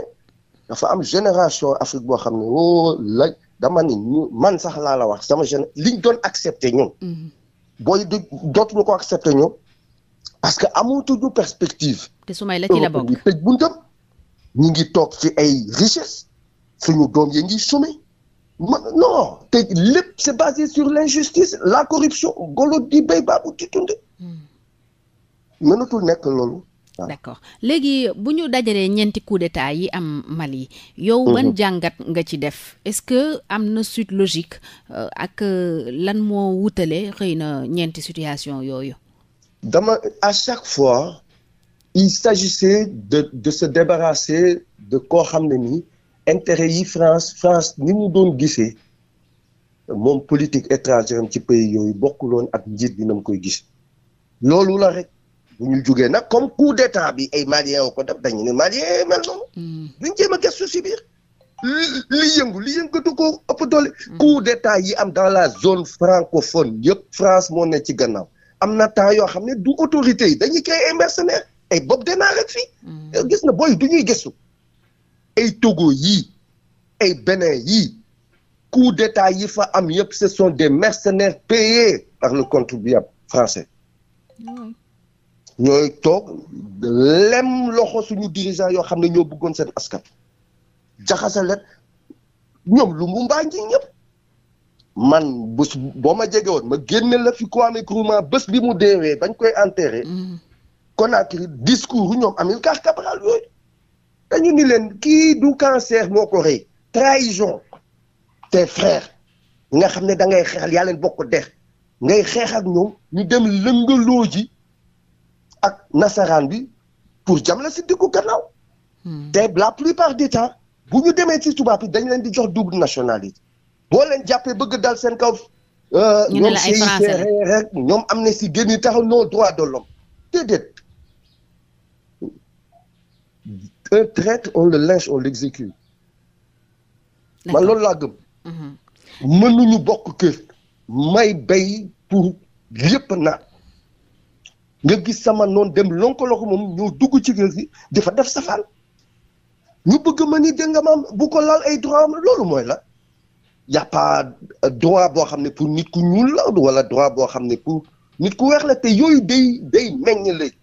dafa am génération Afrique boo xam ne woo oh, la dama ñu man sax laa la wax sama géné liñ doon accepté ñun. Mm-hmm. booy di dootuñu ko accepté ñun. parce que amatuñu perspective. te sumay la ci la bokk ñu ngi toog ci ay richesse suñu doom yi ngi sume man te lépp c'est basé sur l'injustice la corruption golo di béy baabu ci tunde mënatul nekk loolu waaw ah. d'accord léegi bu ñu dajalee ñeenti coup d'état yi am Mali. yow mm ban jàngat nga ci def est-ce que am na suite logique euh, ak euh, lan moo wutale xëy na ñeenti situation yooyu. dama à chaque fois il s'agissait de de se débarrasser de koo xam ne nii intérêt yi France France ni mu doon gisee moom politique étrangère am ci pays yooyu bokkuloon ak njiit bi na mu koy gis loolu la rek. bu ñu jógee nag comme coup d'état bi ay malien oo ko def dañu ne malien mel noonu. Hmm. duñ jéem a gëstu si biir. li yëngu li yëngatu ko ëpp doole. Hmm. coup d'état yi am dans la zone francophone yëpp France moo ne ci gannaaw am na temps yoo xam ne du autorité yi dañuy créer ay mercenaires ay bopp danaa rek fii. Hmm. Eh, gis na booy du ñuy gëstu. ay Togo yii ay Bénin yi coup d'état yi fa am yëpp ce des mercenaires payés par le contribuable français. ñooy toog lem loxo suñu dirigeant yoo xam ne ñoo bëggoon seen askan jaxase leen ñoom lu mu mbaa nji ñëpp man bés boo ma jege woon ma génne la fi ko Kwame Nkrumah bés bi mu deewee bañ koy kon mm-hmm. Conakry discours ñoom Amilcar Cabral yooyu ñu ni leen kii du cancer moo ko rey trahison tes frères nga xam ne dangay ngay xeexal yaa leen bokk dex ngay xeex ak ñoom ñu dem lëngaloo ji ak nasaraan bi pour jam la si diggu gannaaw hmm. te la plupart du temps bu ñu demee ci tubaab bi dañ leen di jox double nationalité boo leen jàppee bëgg dal seen kaw euh, ñoom ñoom am na si génn taxaw non droit de l'homme déedéet un traître on le lynche on l'exécute man loolu laa gëm mhm. mënuñu bokk kër may bay pour yëpp nga gis sama noonu dem lonkoloo ko moom ñëw dugg ci kër gi dafa def safaan ñu bëgg ma ni dégg nga maam bu ko laal ay droit am loolu mooy la y a pas euh, droit boo xam ne pour nit ku ñuul la wala droit boo xam ne pour nit ku weex la te yooyu day day meññ léegi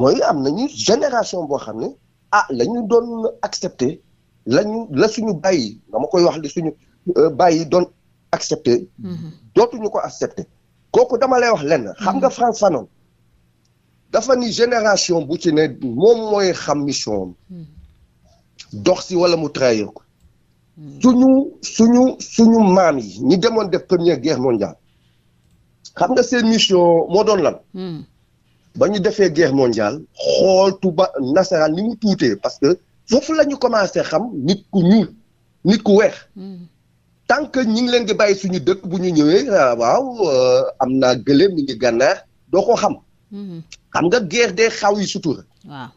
mooy am nañu génération boo xam ne ah la ñu doon accepté lañu la suñu bàyyi dama koy wax li suñu euh, bàyyi doon accepté mm-hmm. dootuñu ko accepté kooku dama lay wax lenn mm-hmm. xam nga Frantz Fanon dafa ni génération bu ci ne moom mooy xam mission am mm-hmm. dox si wala mu trahir ko mm-hmm. ñu suñu suñu maam yi ñi demoon def première guerre mondiale xam nga seen mission moo doon lan ba ñu defee guerre mondiale xool ba nasaraan ni mu tuutee parce que foofu la ñu commencé xam nit ku ñuul nit ku weex tant que ñi ngi leen di bàyyi suñu dëkk bu ñu ñëwee ah, waaw euh, am naa gëléem mi ngi gànnaar doo ko xam. Mm-hmm. xam nga guerre des xaw yi sutura. waaw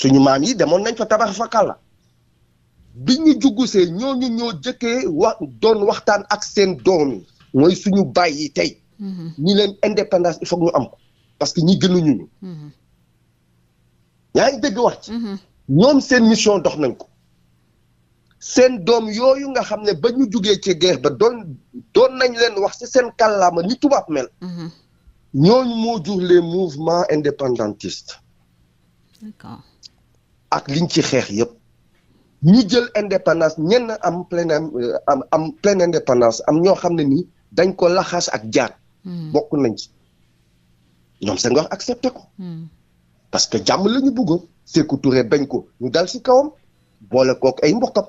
suñu maam yi demoon nañ fa tabax fa kàlla. bi ñu juggu see ñooñu ñoo jëkkee wax doon waxtaan ak seen doom yi. mooy suñu bàyyi yi tey. ñi mm-hmm. leen indépendance il faut ñu am ko parce que ñi gënuñu ñu. Mm-hmm. yaa ngi dégg wax ci. ñoom seen mission dox nañ ko. seen doom yooyu nga xam ne ba ñu jugee ci guerre ba doon nañ leen wax ci seen kàllaama ni tubaab mel. Mm-hmm. ñooñu moo jur les mouvements indépendantistes. ak liñ ci xeex yépp ñu jël indépendance ñenn am pleine am am pleine indépendance am ñoo xam ne ni dañ ko laxaas ak jaat. Mm-hmm. bokk nañ ci ñoom Senghor accepté ko. Mm-hmm. parce que jàmm la ñu bëggoon Sékou Touré bañ ko ñu dal ci kawam boole kook ay mbokkam.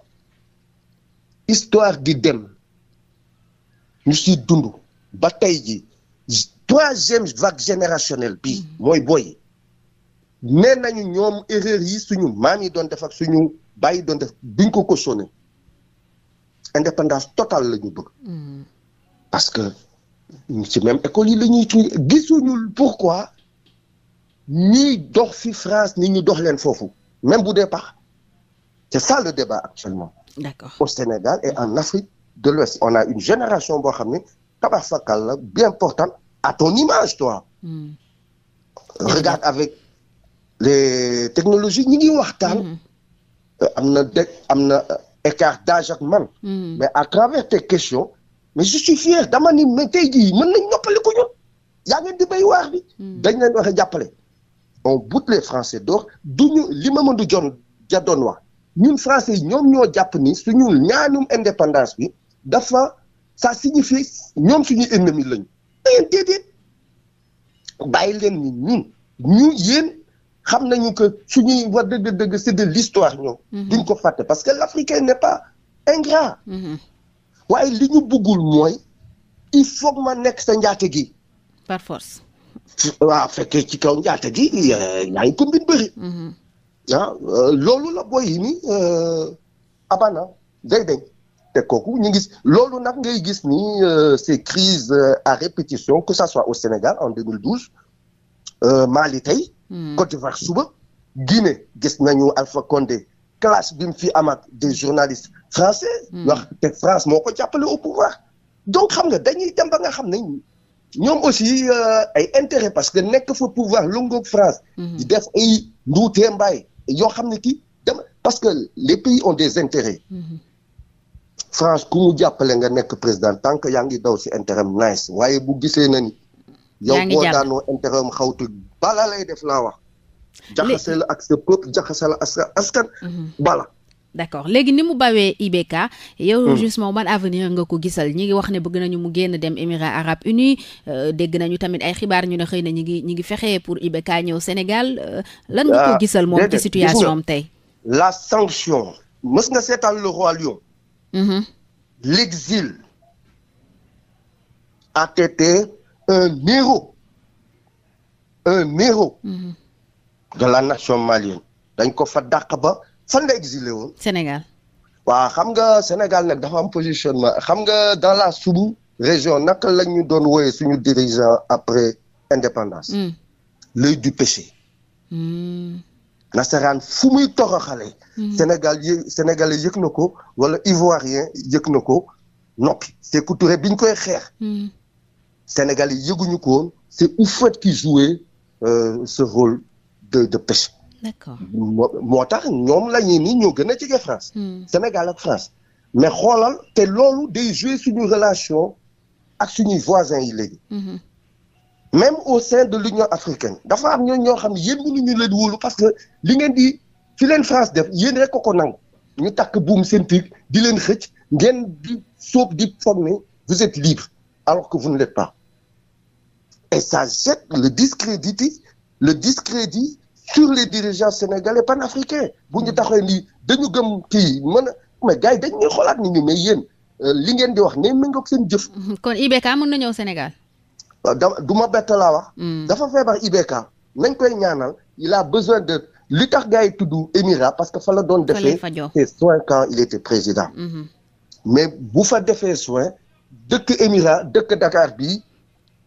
histoire di dem ñu si dund ba tey ji troisième vague générationnelle bi mm-hmm. mooy booy nee nañu ñoom erreur yi suñu maam yi doon def ak suñu bàyyi doon def duñ ko cautionné indépendance totale lañu ñu bëgg mm-hmm. parce que si même école yi la ñuy tuuti gisuñu pourquoi ñuy dox fi France ni ñu dox leen foofu même bu départ c'est ça le débat actuellement d'accord au Sénégal et en Afrique de l'Ouest on a une génération boo xam ne tabax fakal la bien portante à ton image toi hmm. regarde avec les technologies ñi ngi waxtaan hmm. euh, am na dég na euh, écart d'âge hmm. mais à travers tes questions mais je dama ni mais tey jii mën nañ noppale ko ñun yaa ngeen di béy waax bi dañ leen wax jàppale on boude les Français d'or duñu li Mamadou Dione ja doon ñun français yi ñoom ñoo jàpp ni suñu ñaanum indépendance bi dafa ça signifie ñoom suñuy ennemi lañu ngeen eh, déedéet bàyyi leen ni ñun ñu yéen xam nañu que suñuy war dëgg-dëgg c'est de l'histoire ñoom mm-hmm. duñ ko fàtte parce que l'africain n'est pas ingrat mm-hmm. waaye li ñu bëggul mooy il faut ma nekk sa njaate gi par force waaw fekk ci kaw njaate gi euh, yaa ko mbir bëri mm-hmm. ah euh, loolu la booy yi nii euh, abana day dañ te kooku ñu gis loolu nag ngay gis ni euh, ces crises à répétition que ça soit au Sénégal en 2012 Mali tey. Hmm. Côte d'Ivoire suba. Guinée gis nañu Alpha Condé classe bi mu fi amaat des journalistes français. Hmm. wax te France moo ko jàppale au pouvoir. donc xam nga dañuy dem ba nga xam ne ñoom aussi ay intérêt parce que nekk fa pouvoir lungoog France. Hmm. di def ay nduutee mbaay yoo xam ne kii parce que les pays ont des intérêts mhm. France ku mu jàppale nga nekk président tant que yaa ngi daw si intérêt am nice waaye bu gisee na ni yow boo daanoo intérêt am xawtu bala lay def laa wax jaxase ak sa peuple jaxase la askan mhm. bala d'accord léegi ni mu bawee ibeka yow hmm. justement man avenir nga ko gisal ñi ngi wax ne bëgg nañu mu génn dem Émirats arabes unis euh, dégg nañu tamit ay xibaar ñu ne xëy na ñi ngi ñi ngi fexee pour ibeka ñëw Sénégal euh, lan nga ko ah, gisal moom ci situation am tey la sanction mës nga seetaan lu roi lion mm-hmm. l'exil a un héros un héros mm-hmm. la nation malienne dañ ko fa dàq ba fan nga exilé woon. Sénégal. waaw xam nga Sénégal nag dafa am positionnement xam nga dans la sous région naka la ñu doon wooyee suñu dirigeant après indépendance. Mm. l'œil du péché. Mm. nasaraan fu muy toroxale. Hmm. Sénégal yë na ko wala Ivoirien yëg na ko noppi. Sékou Touré bi koy xeex. Hmm. Sénégalais yëguñu ko woon c'est Houphouët qui jouait euh, ce rôle de péché. d'accord moo tax ñoom la ñuy nii ñoo gën a jege France. Hmm. Sénégal ak France. mais xoolal te loolu day jouer suñu relation ak suñuy voisins yi léegi. Hmm. même au sein de l'Union africaine dafa am ñoo ñoo xam ne yéen mënuñu leen wóolu parce que li ngeen di fi leen France def yéen rek ko ñu takk buum seen pic di leen xëcc ngeen di sóob di former vous êtes libre alors que vous ne l'êtes pas et ça jette le discrédit le discrédit sur les dirigeants sénégalais panafricains bu ñu taxee nii dañu gëm kii mën a mais gars yi dañ ni ñu mais yéen euh, li ngeen di wax ne méngoog seen jëf. Mm-hmm. kon IBK mën na ñëw Sénégal. waaw da du ma bett laa wax. Mm. dafa feebar IBK nañ koy ñaanal il a besoin de li tax gars yi tudd Émirats parce que fa la doon defee. ses soins quand il était président. Mm-hmm. mais bu fa defee soin dëkk Émirats dëkk Dakar bii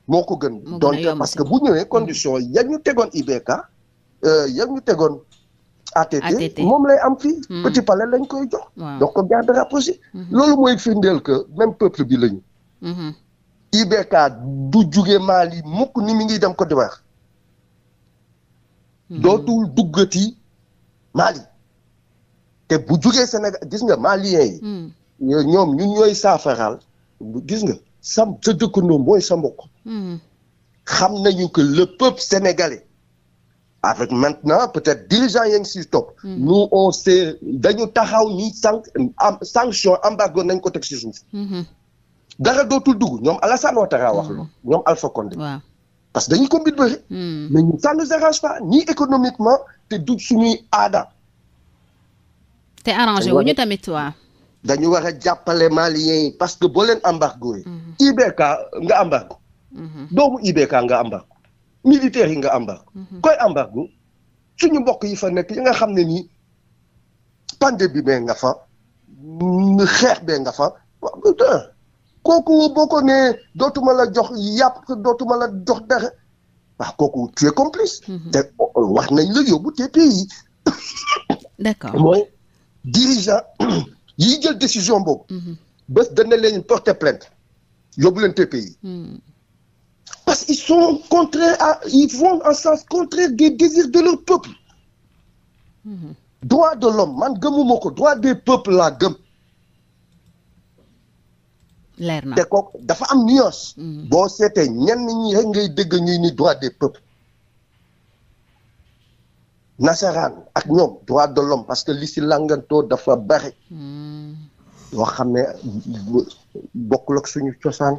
moo ko gën. donc parce que bu ñëwee condition ya ñu tegoon IBK. Euh, yëg ñu tegoon ATT moom lay am fii hmm. petit palais lañ koy jox donc ko garde rapproché hmm. loolu mooy firndeel que même peuple bi lañu hmm. IBK du jóge Mali mukk ni mi ngi dem Côte d'Ivoire dootul duggati Mali te bu jugee Sénégal gis nga Maliens yi ñoom ñun ñooy saafaraal gis nga sa dëkkandoo mooy sa mbokk xam nañu que le peuple sénégalais avec maintenant peut-être dirigeants yi ngi siy topp. Hmm. nous on sait dañu taxaw ni san am sanction embargo nañ ko teg si suuf. Hmm. dara dootul dugg ñoom Alassane Ouattara wax lu hmm. ñoom Alpha Condé. parce que dañuy ko mbir bëri. mais ñun ça nous arrange pas ni économiquement te du suñuy aada. te arrangé wu ñu tamit waa. dañu war jàppale maliens yi parce que boo leen embargo yi. IBK nga embargo. doomu IBK nga embargo. militaires yi nga embargo mhm. koy embargo suñu mbokk yi fa nekk yi nga xam ne nii pandémie bee nga fa xeex bee nga fa waaw putain kooku boo ko nee dootuma la jox yàpp dootuma la jox dara waaw kooku tu es complice mhm. te wax nañ la te pays dirigeant yi jël décision boobu mhm. bés dana leen porter plainte yóbbu leen TPI Parce qu'ils sont contraires à, ils des désirs de leur peuple. Mmh. de l'homme man gëmuma ko droit des peuples laa gëm. leer ko dafa am nuance. Mm-hmm. boo seetee ñenn ñi rek ngay dégg ñuy ni droit des peuples. nasaraan ak ñoom droit de l'homme parce que li si làngantoo dafa bari. Mm-hmm. yoo xam ne bokkul ak suñu cosaan.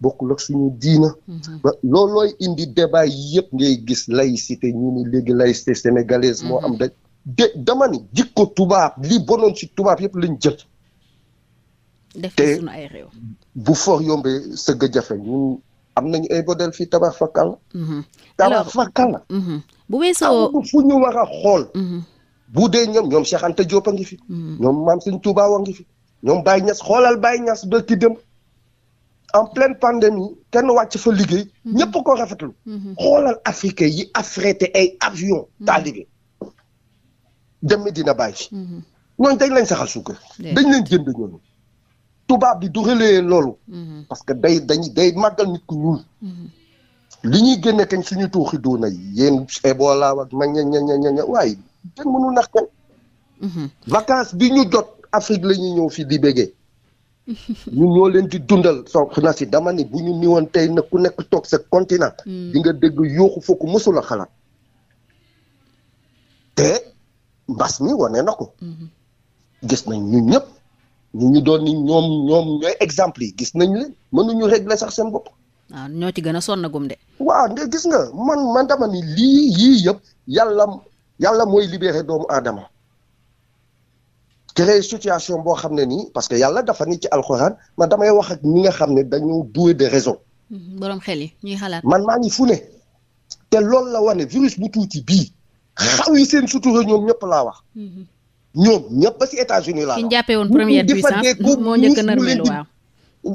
bokkul ak suñu diina. Mhm. ba loolooy indi débat yëpp ngay gis laïcité ñu ni léegi laïcité sénégalaise moo am mhm. da de dama ni jikko tubaab li bonoon ci tubaab yëpp lañ jël. te bu for yombee sëgg jafe ñun am nañu ay modèle fii tabax fakkal. Mhm. tabax fakkal. bu weesoo fu ñu war a xool. bu dee ñoom ñoom Cheikh Anta Diop fi. ñoom maam Sëñ Tuubaa fi. ñoom Baye Niass xoolal Baye Niass ba ki dem. en pleine pandémie kenn wàcc fa liggéey. Mhm. ñëpp ko rafetlu. Mhm. xoolal africain yi affrété ay avion mhm. taalibe dem Medina Baye. ñooñu dañ leen saxal suukar. dañ leen jënd ñooñu. tubaab bi du relayer loolu. parce que day dañ day màggal nit ku ñuul. li ñuy génne kañ suñu tuuxi doona yéen Ebola ak ma ña ña ña ña waaye kenn mënu nax kenn. vacances bi ñu jot Afrique lañuy ñëw fii di béggee. ñun ñoo leen di dundal soxna si dama ni bu ñu woon tey nag ku nekk toog sa continent. Hmm. di nga dégg yuuxu fokk mësul xalaat. te mbas mi wane na ko. Hmm. gis nañ ñun ñëpp ñu ñu doon ni ñoom ñoom ñooy exemple yi gis nañ leen mënuñu régler sax seen bopp. waaw ñoo ci gën a sonnagum de. waaw nde gis nga man man dama ni lii yii yëpp yàlla yàlla mooy libéré doomu aadama. créer situation boo xam ne nii parce que yàlla dafa ni ci alxuraan man damay wax ak ñi nga xam ne dañoo doué de raison. Mm-hmm. borom xel yi ñuy xalaat. man maa ngi fu ne te loolu la wane virus bu tuuti bii xaw yi seen sutura ñoom ñëpp laa wax. Mm-hmm. ñoom ñëpp ba si États-Unis laa wax. ñu jàppee woon première puissance moo njëkk a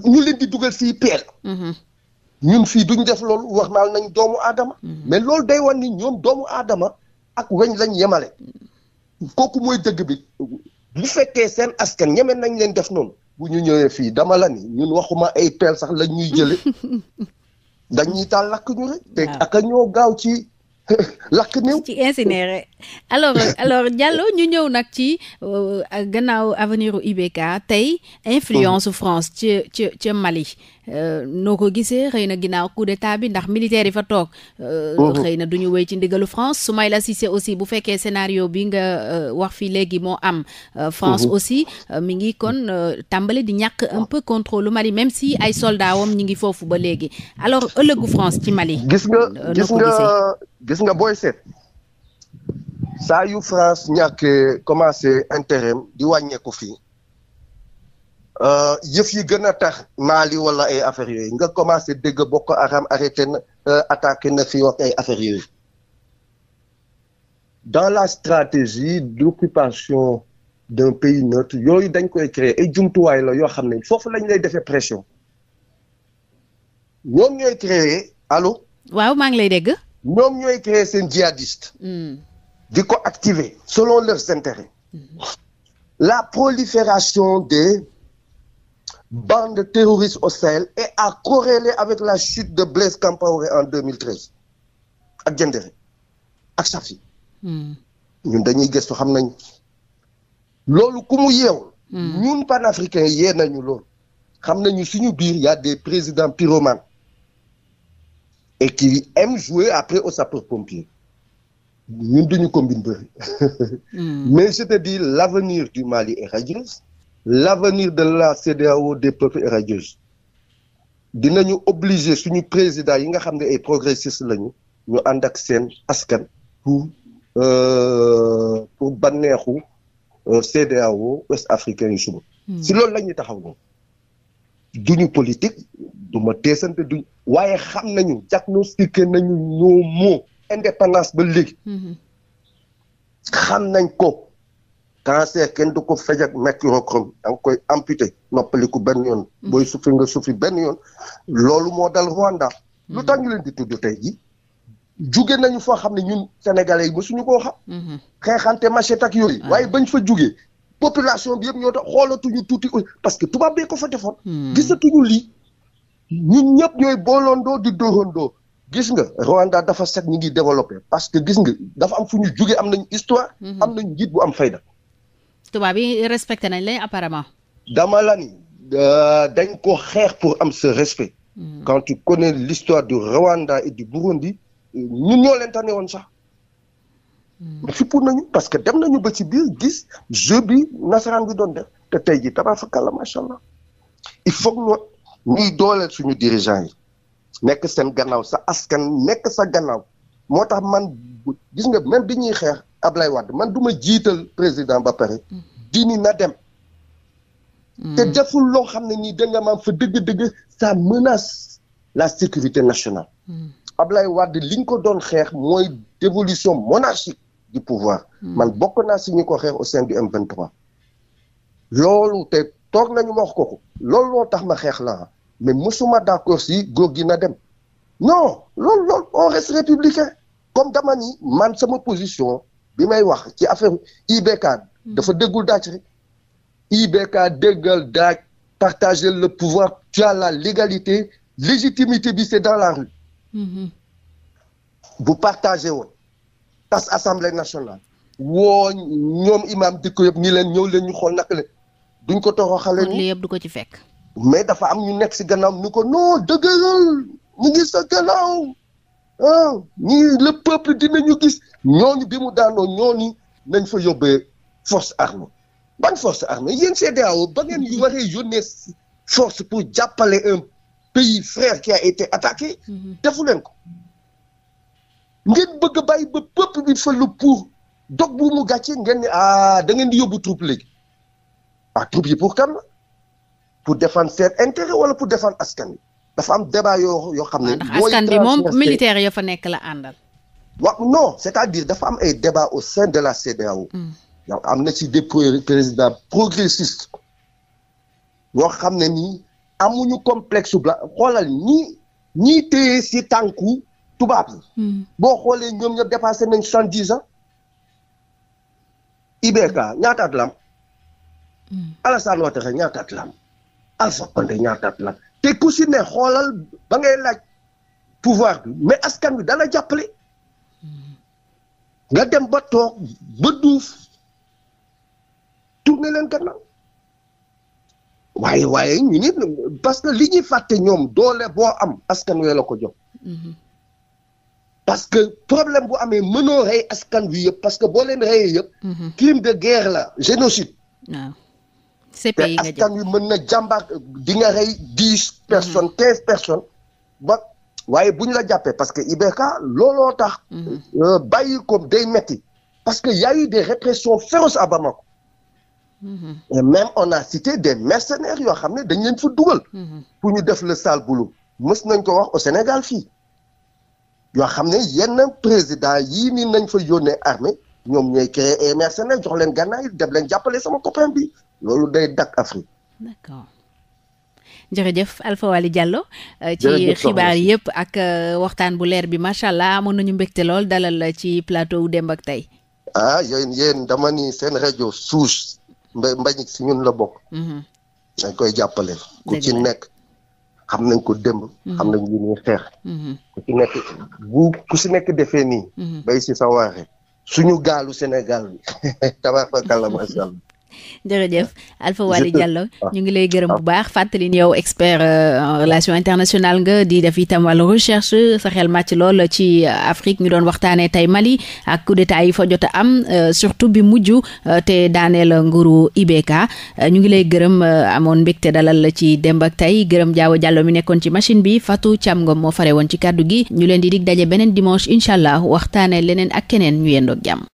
ñu leen di dugal fii peel. Mm-hmm. ñun fii duñ def loolu wax naal nañ doomu aadama. mais loolu day wan ni ñoom doomu aadama ak weñ lañ yemale. kooku mooy dëgg bi bu fekkee seen askan ñeme nañ leen def noonu bu ñu ñëwee fii dama la ni ñun waxuma ay peel sax lañ ñuy jële dañuy taal lakk ñu rek te ak a ñoo gaaw ci lakk néew ci incinéré alors alors Diallo ñu ñëw nag ci euh, gannaaw avenir u tey influence mhm. France ce ci ci Mali Euh, noo ko gisee xëy na ginnaaw coup d'état bi ndax militaire yi fa toog. Euh, xëy na du ñu wéy ci ndigalu France su Soumaïla Cissé aussi bu fekkee scénario bi nga euh, wax fii léegi moo am. France aussi mi ngi kon tàmbale di ñàkk un peu contrôle lu Mali même si ay soldats wam ñi ngi foofu ba léegi alors ëllëgu France ci Mali. gis nga gis nga gis nga booy seet. saa yu France ñàkkee commencé intérim di wàññeeku fii. Euh, yëf yi gën a tax maali wala ay affaire yooyu nga commencé dégg Boko Haram arrêté na euh, attaqué na fi wax ay affaire yooyu dans la stratégie d'occupation d'un pays neutre yooyu dañ koy créer ay jumtuwaay la yoo xam ne foofu lañ lay defee pression ñoom ñooy créer allo. waaw maa ngi lay dégg. ñoom ñooy créer seen djihadiste. Hmm. di ko activer selon leurs intérêts. Hmm. la prolifération des bande terroriste au Sahel et a corrélé avec la chute de Blaise Compaoré en 2013 ak Diendéré ak Safi hmm. ñun dañuy gëstu xam nañ loolu ku mu yeewul hmm. ñun panafricain yee nañu loolu xam nañu suñu biir ya des présidents pyromanes et qui aiment jouer après au sapeur-pompier ñun duñu combine bëri hmm. mais je te dis l'avenir du Mali est radieux l'avenir de la CEDEAO des peuples est radieux dinañu obligé suñu président yi nga xam ne ay progressistes lañu ñu ànd ak seen askan pour euh, pour banneexu euh, CEDEAO ouest africain yu suba hmm. si loolu la taxaw noonu duñu politique du ma teesante duñ waaye xam nañu diagnostiqué nañu ñoo moo indépendance ba léegi hmm. xam nañ ko cancer kenn du ko faj ak mercurochrome da nga koy amputé noppaliku benn yoon. Mm. booy souffrir nga souffrir benn yoon. loolu moo dal Rwanda. Mm. lu tax ñu leen di tudd tey ji juge nañu foo xam ne ñun sénégalais yi mosuñu koo xam. Mm-hmm. xeexante machette ak yooyu. waaye bañ fa jugee. population yëpp ñoo tax xoolatuñu tuuti parce que tubaab bee ko fa defoon. Mm. gisatuñu lii ñun ñëpp ñooy doo di dóorandoo. gis nga Rwanda dafa set ñu ngi développé parce que gis nga dafa am fu ñu jugee am nañu histoire. Mm-hmm. am nañu njiit bu am fayda. tubaab yi respecté nañ lay apparemment. dama la euh, dañ ko xeex pour am ce respect. Hmm. quand tu connais l'histoire du Rwanda et du Burundi ñu ñoo leen tane woon sax. Hmm. mais fippu nañu parce que dem nañu ba si biir gis jeu bi nasaraan bi doon def te tey jii tabaarkalla macha allah il faut que ñuy dooleel suñu dirigeants yi nekk seen gannaaw sa askan nekk sa gannaaw moo tax man gis nga même bi ñuy xeex. Ablaye Wade man duma jiital président ba pare mm-hmm. dini na dem mm-hmm. te deful loo xam ne nii da nga maam fa dëgg-dëgg ça menace la sécurité nationale mm-hmm. Ablaye Wade li ñu ko doon xeex mooy dévolution monarchique du pouvoir man bokk naa si ñu ko xeex au sein du m loolu te toog nañu ma wax ko ko loo tax ma xeex la mais mosuma d'accord si góor gi na dem non loolu loolu on reste républicain comme dama ni man sama position bi may wax ci affaire IBK hmm. dafa déggul daaj rek IBK déggal daaj partager le pouvoir tu as la légalité légitimité bi c'est dans la rue hmm. bu partagé woon tas assemblée nationale woo ñoom imam dëkk yëpp ñi leen ñëw leen ñu xool naka leen duñ ko toroxale ni yëpp du ko ci fekk mais dafa am ñu nekk si gannaaw ni ko non dëggalal mu gis sa gannaaw ah ñii le peuple dinañu gis ñooñu bi mu daanoo ñooñu nañ fa yóbbee force armée ban force armée yéen CEDEAO ba ngeen yu waree yónnee force pour jàppale un pays frère qui a été attaqué mm-hmm. defu leen ko ngeen bëgg a bàyyi ba peuple bi fële pour dog bu mu gàcce ngeen ne ah da ngeen di yóbbu troupe léegi ah troupe yi pour kan pour défendre seen intérêt wala pour défendre askan dafa am débat yoo yoo xam ne. Ah, ndax askan bi moom militaire ya fa nekk la àndal. waaw non c'est-à-dire dafa am ay débat au sein de la CEDEAO. yow hmm. am na ci des président progressistes yoo xam ne nii amuñu complexe bla xoolal ñii ñii si tànku tubaab yi. Hmm. boo xoolee ñoom ñoo dépassé nañ soixante dix ans. IBK ñaataat la am. Hmm. Alassane Ouattara ñaataat la te ku si ne xoolal ba ngay laaj pouvoir bi mais askan bi dala jàppale nga dem ba toog ba duuf tourné leen gannaaw waaye waaye ñu nit parce que li ñuy fàtte ñoom doole boo am askan wee la ko jox mm-hmm. parce que problème bu amee mënoo rey askan bi yëpp parce que boo leen reyee yëpp mm-hmm. crime de guerre la génocide CPI nga jël te mën na jàmbaar di nga rey dix mhm. personnes quinze personnes ba waaye bu ñu la jàppee parce que IBK looloo tax. Mhm. Euh, bàyyi ko day metti parce que y a eu des répressions féroces à Bamako. Mmh. Et même on des mercenaires yoo xam ne dañ leen fa dugal. Mhm. pour ñu def le sale boulot. mës nañ ko wax au Sénégal fii yoo xam ne yenn président yii nii nañ fa yónnee armée ñoom ñooy créer ay jox leen gànnaay def leen jàppale sama copain bi loolu day dakk Afrique. d'accord jërëjëf Alpha Waly Diallo. Eh, ci xibaar yépp ak eh, waxtaan bu leer bi macha allah amoon nañu mbégte lool dalal ci plateau Demb ak Tay. ah yéen yéen dama ni seen rajo suus mba mbañ si ñun la bokk. Mm-hmm. dañ koy jàppale. ku ci nekk xam nañ ko démb. Mm-hmm. xam nañ li xeex. Mm-hmm. ku ci nekk bu ku nii. bay si sa waaxe suñu gaalu Sénégal bi tabax fa kàlla macha allah. jërëjëf Alpha Wade Diallo ah. ñu ngi lay gërëm bu baax fàttalin yow expert euh, en relation internationale nga di def itam wàllu recherche sa xel màcc lool ci Afrique ñu doon waxtaanee tey Mali ak coup d'état yi fa jot a am euh, surtout bi mujj euh, te daanee daaneel nguuru IBK ñu ngi lay gërëm amoon mbégte dalal ci démb ak tey gërëm Diawa Diallo mi nekkoon ci machine bi Fatou Thiam nga moo fare woon ci kàddu gi ñu leen di dig daje beneen dimanche incha allah waxtaanee leneen ak keneen ñu jàmm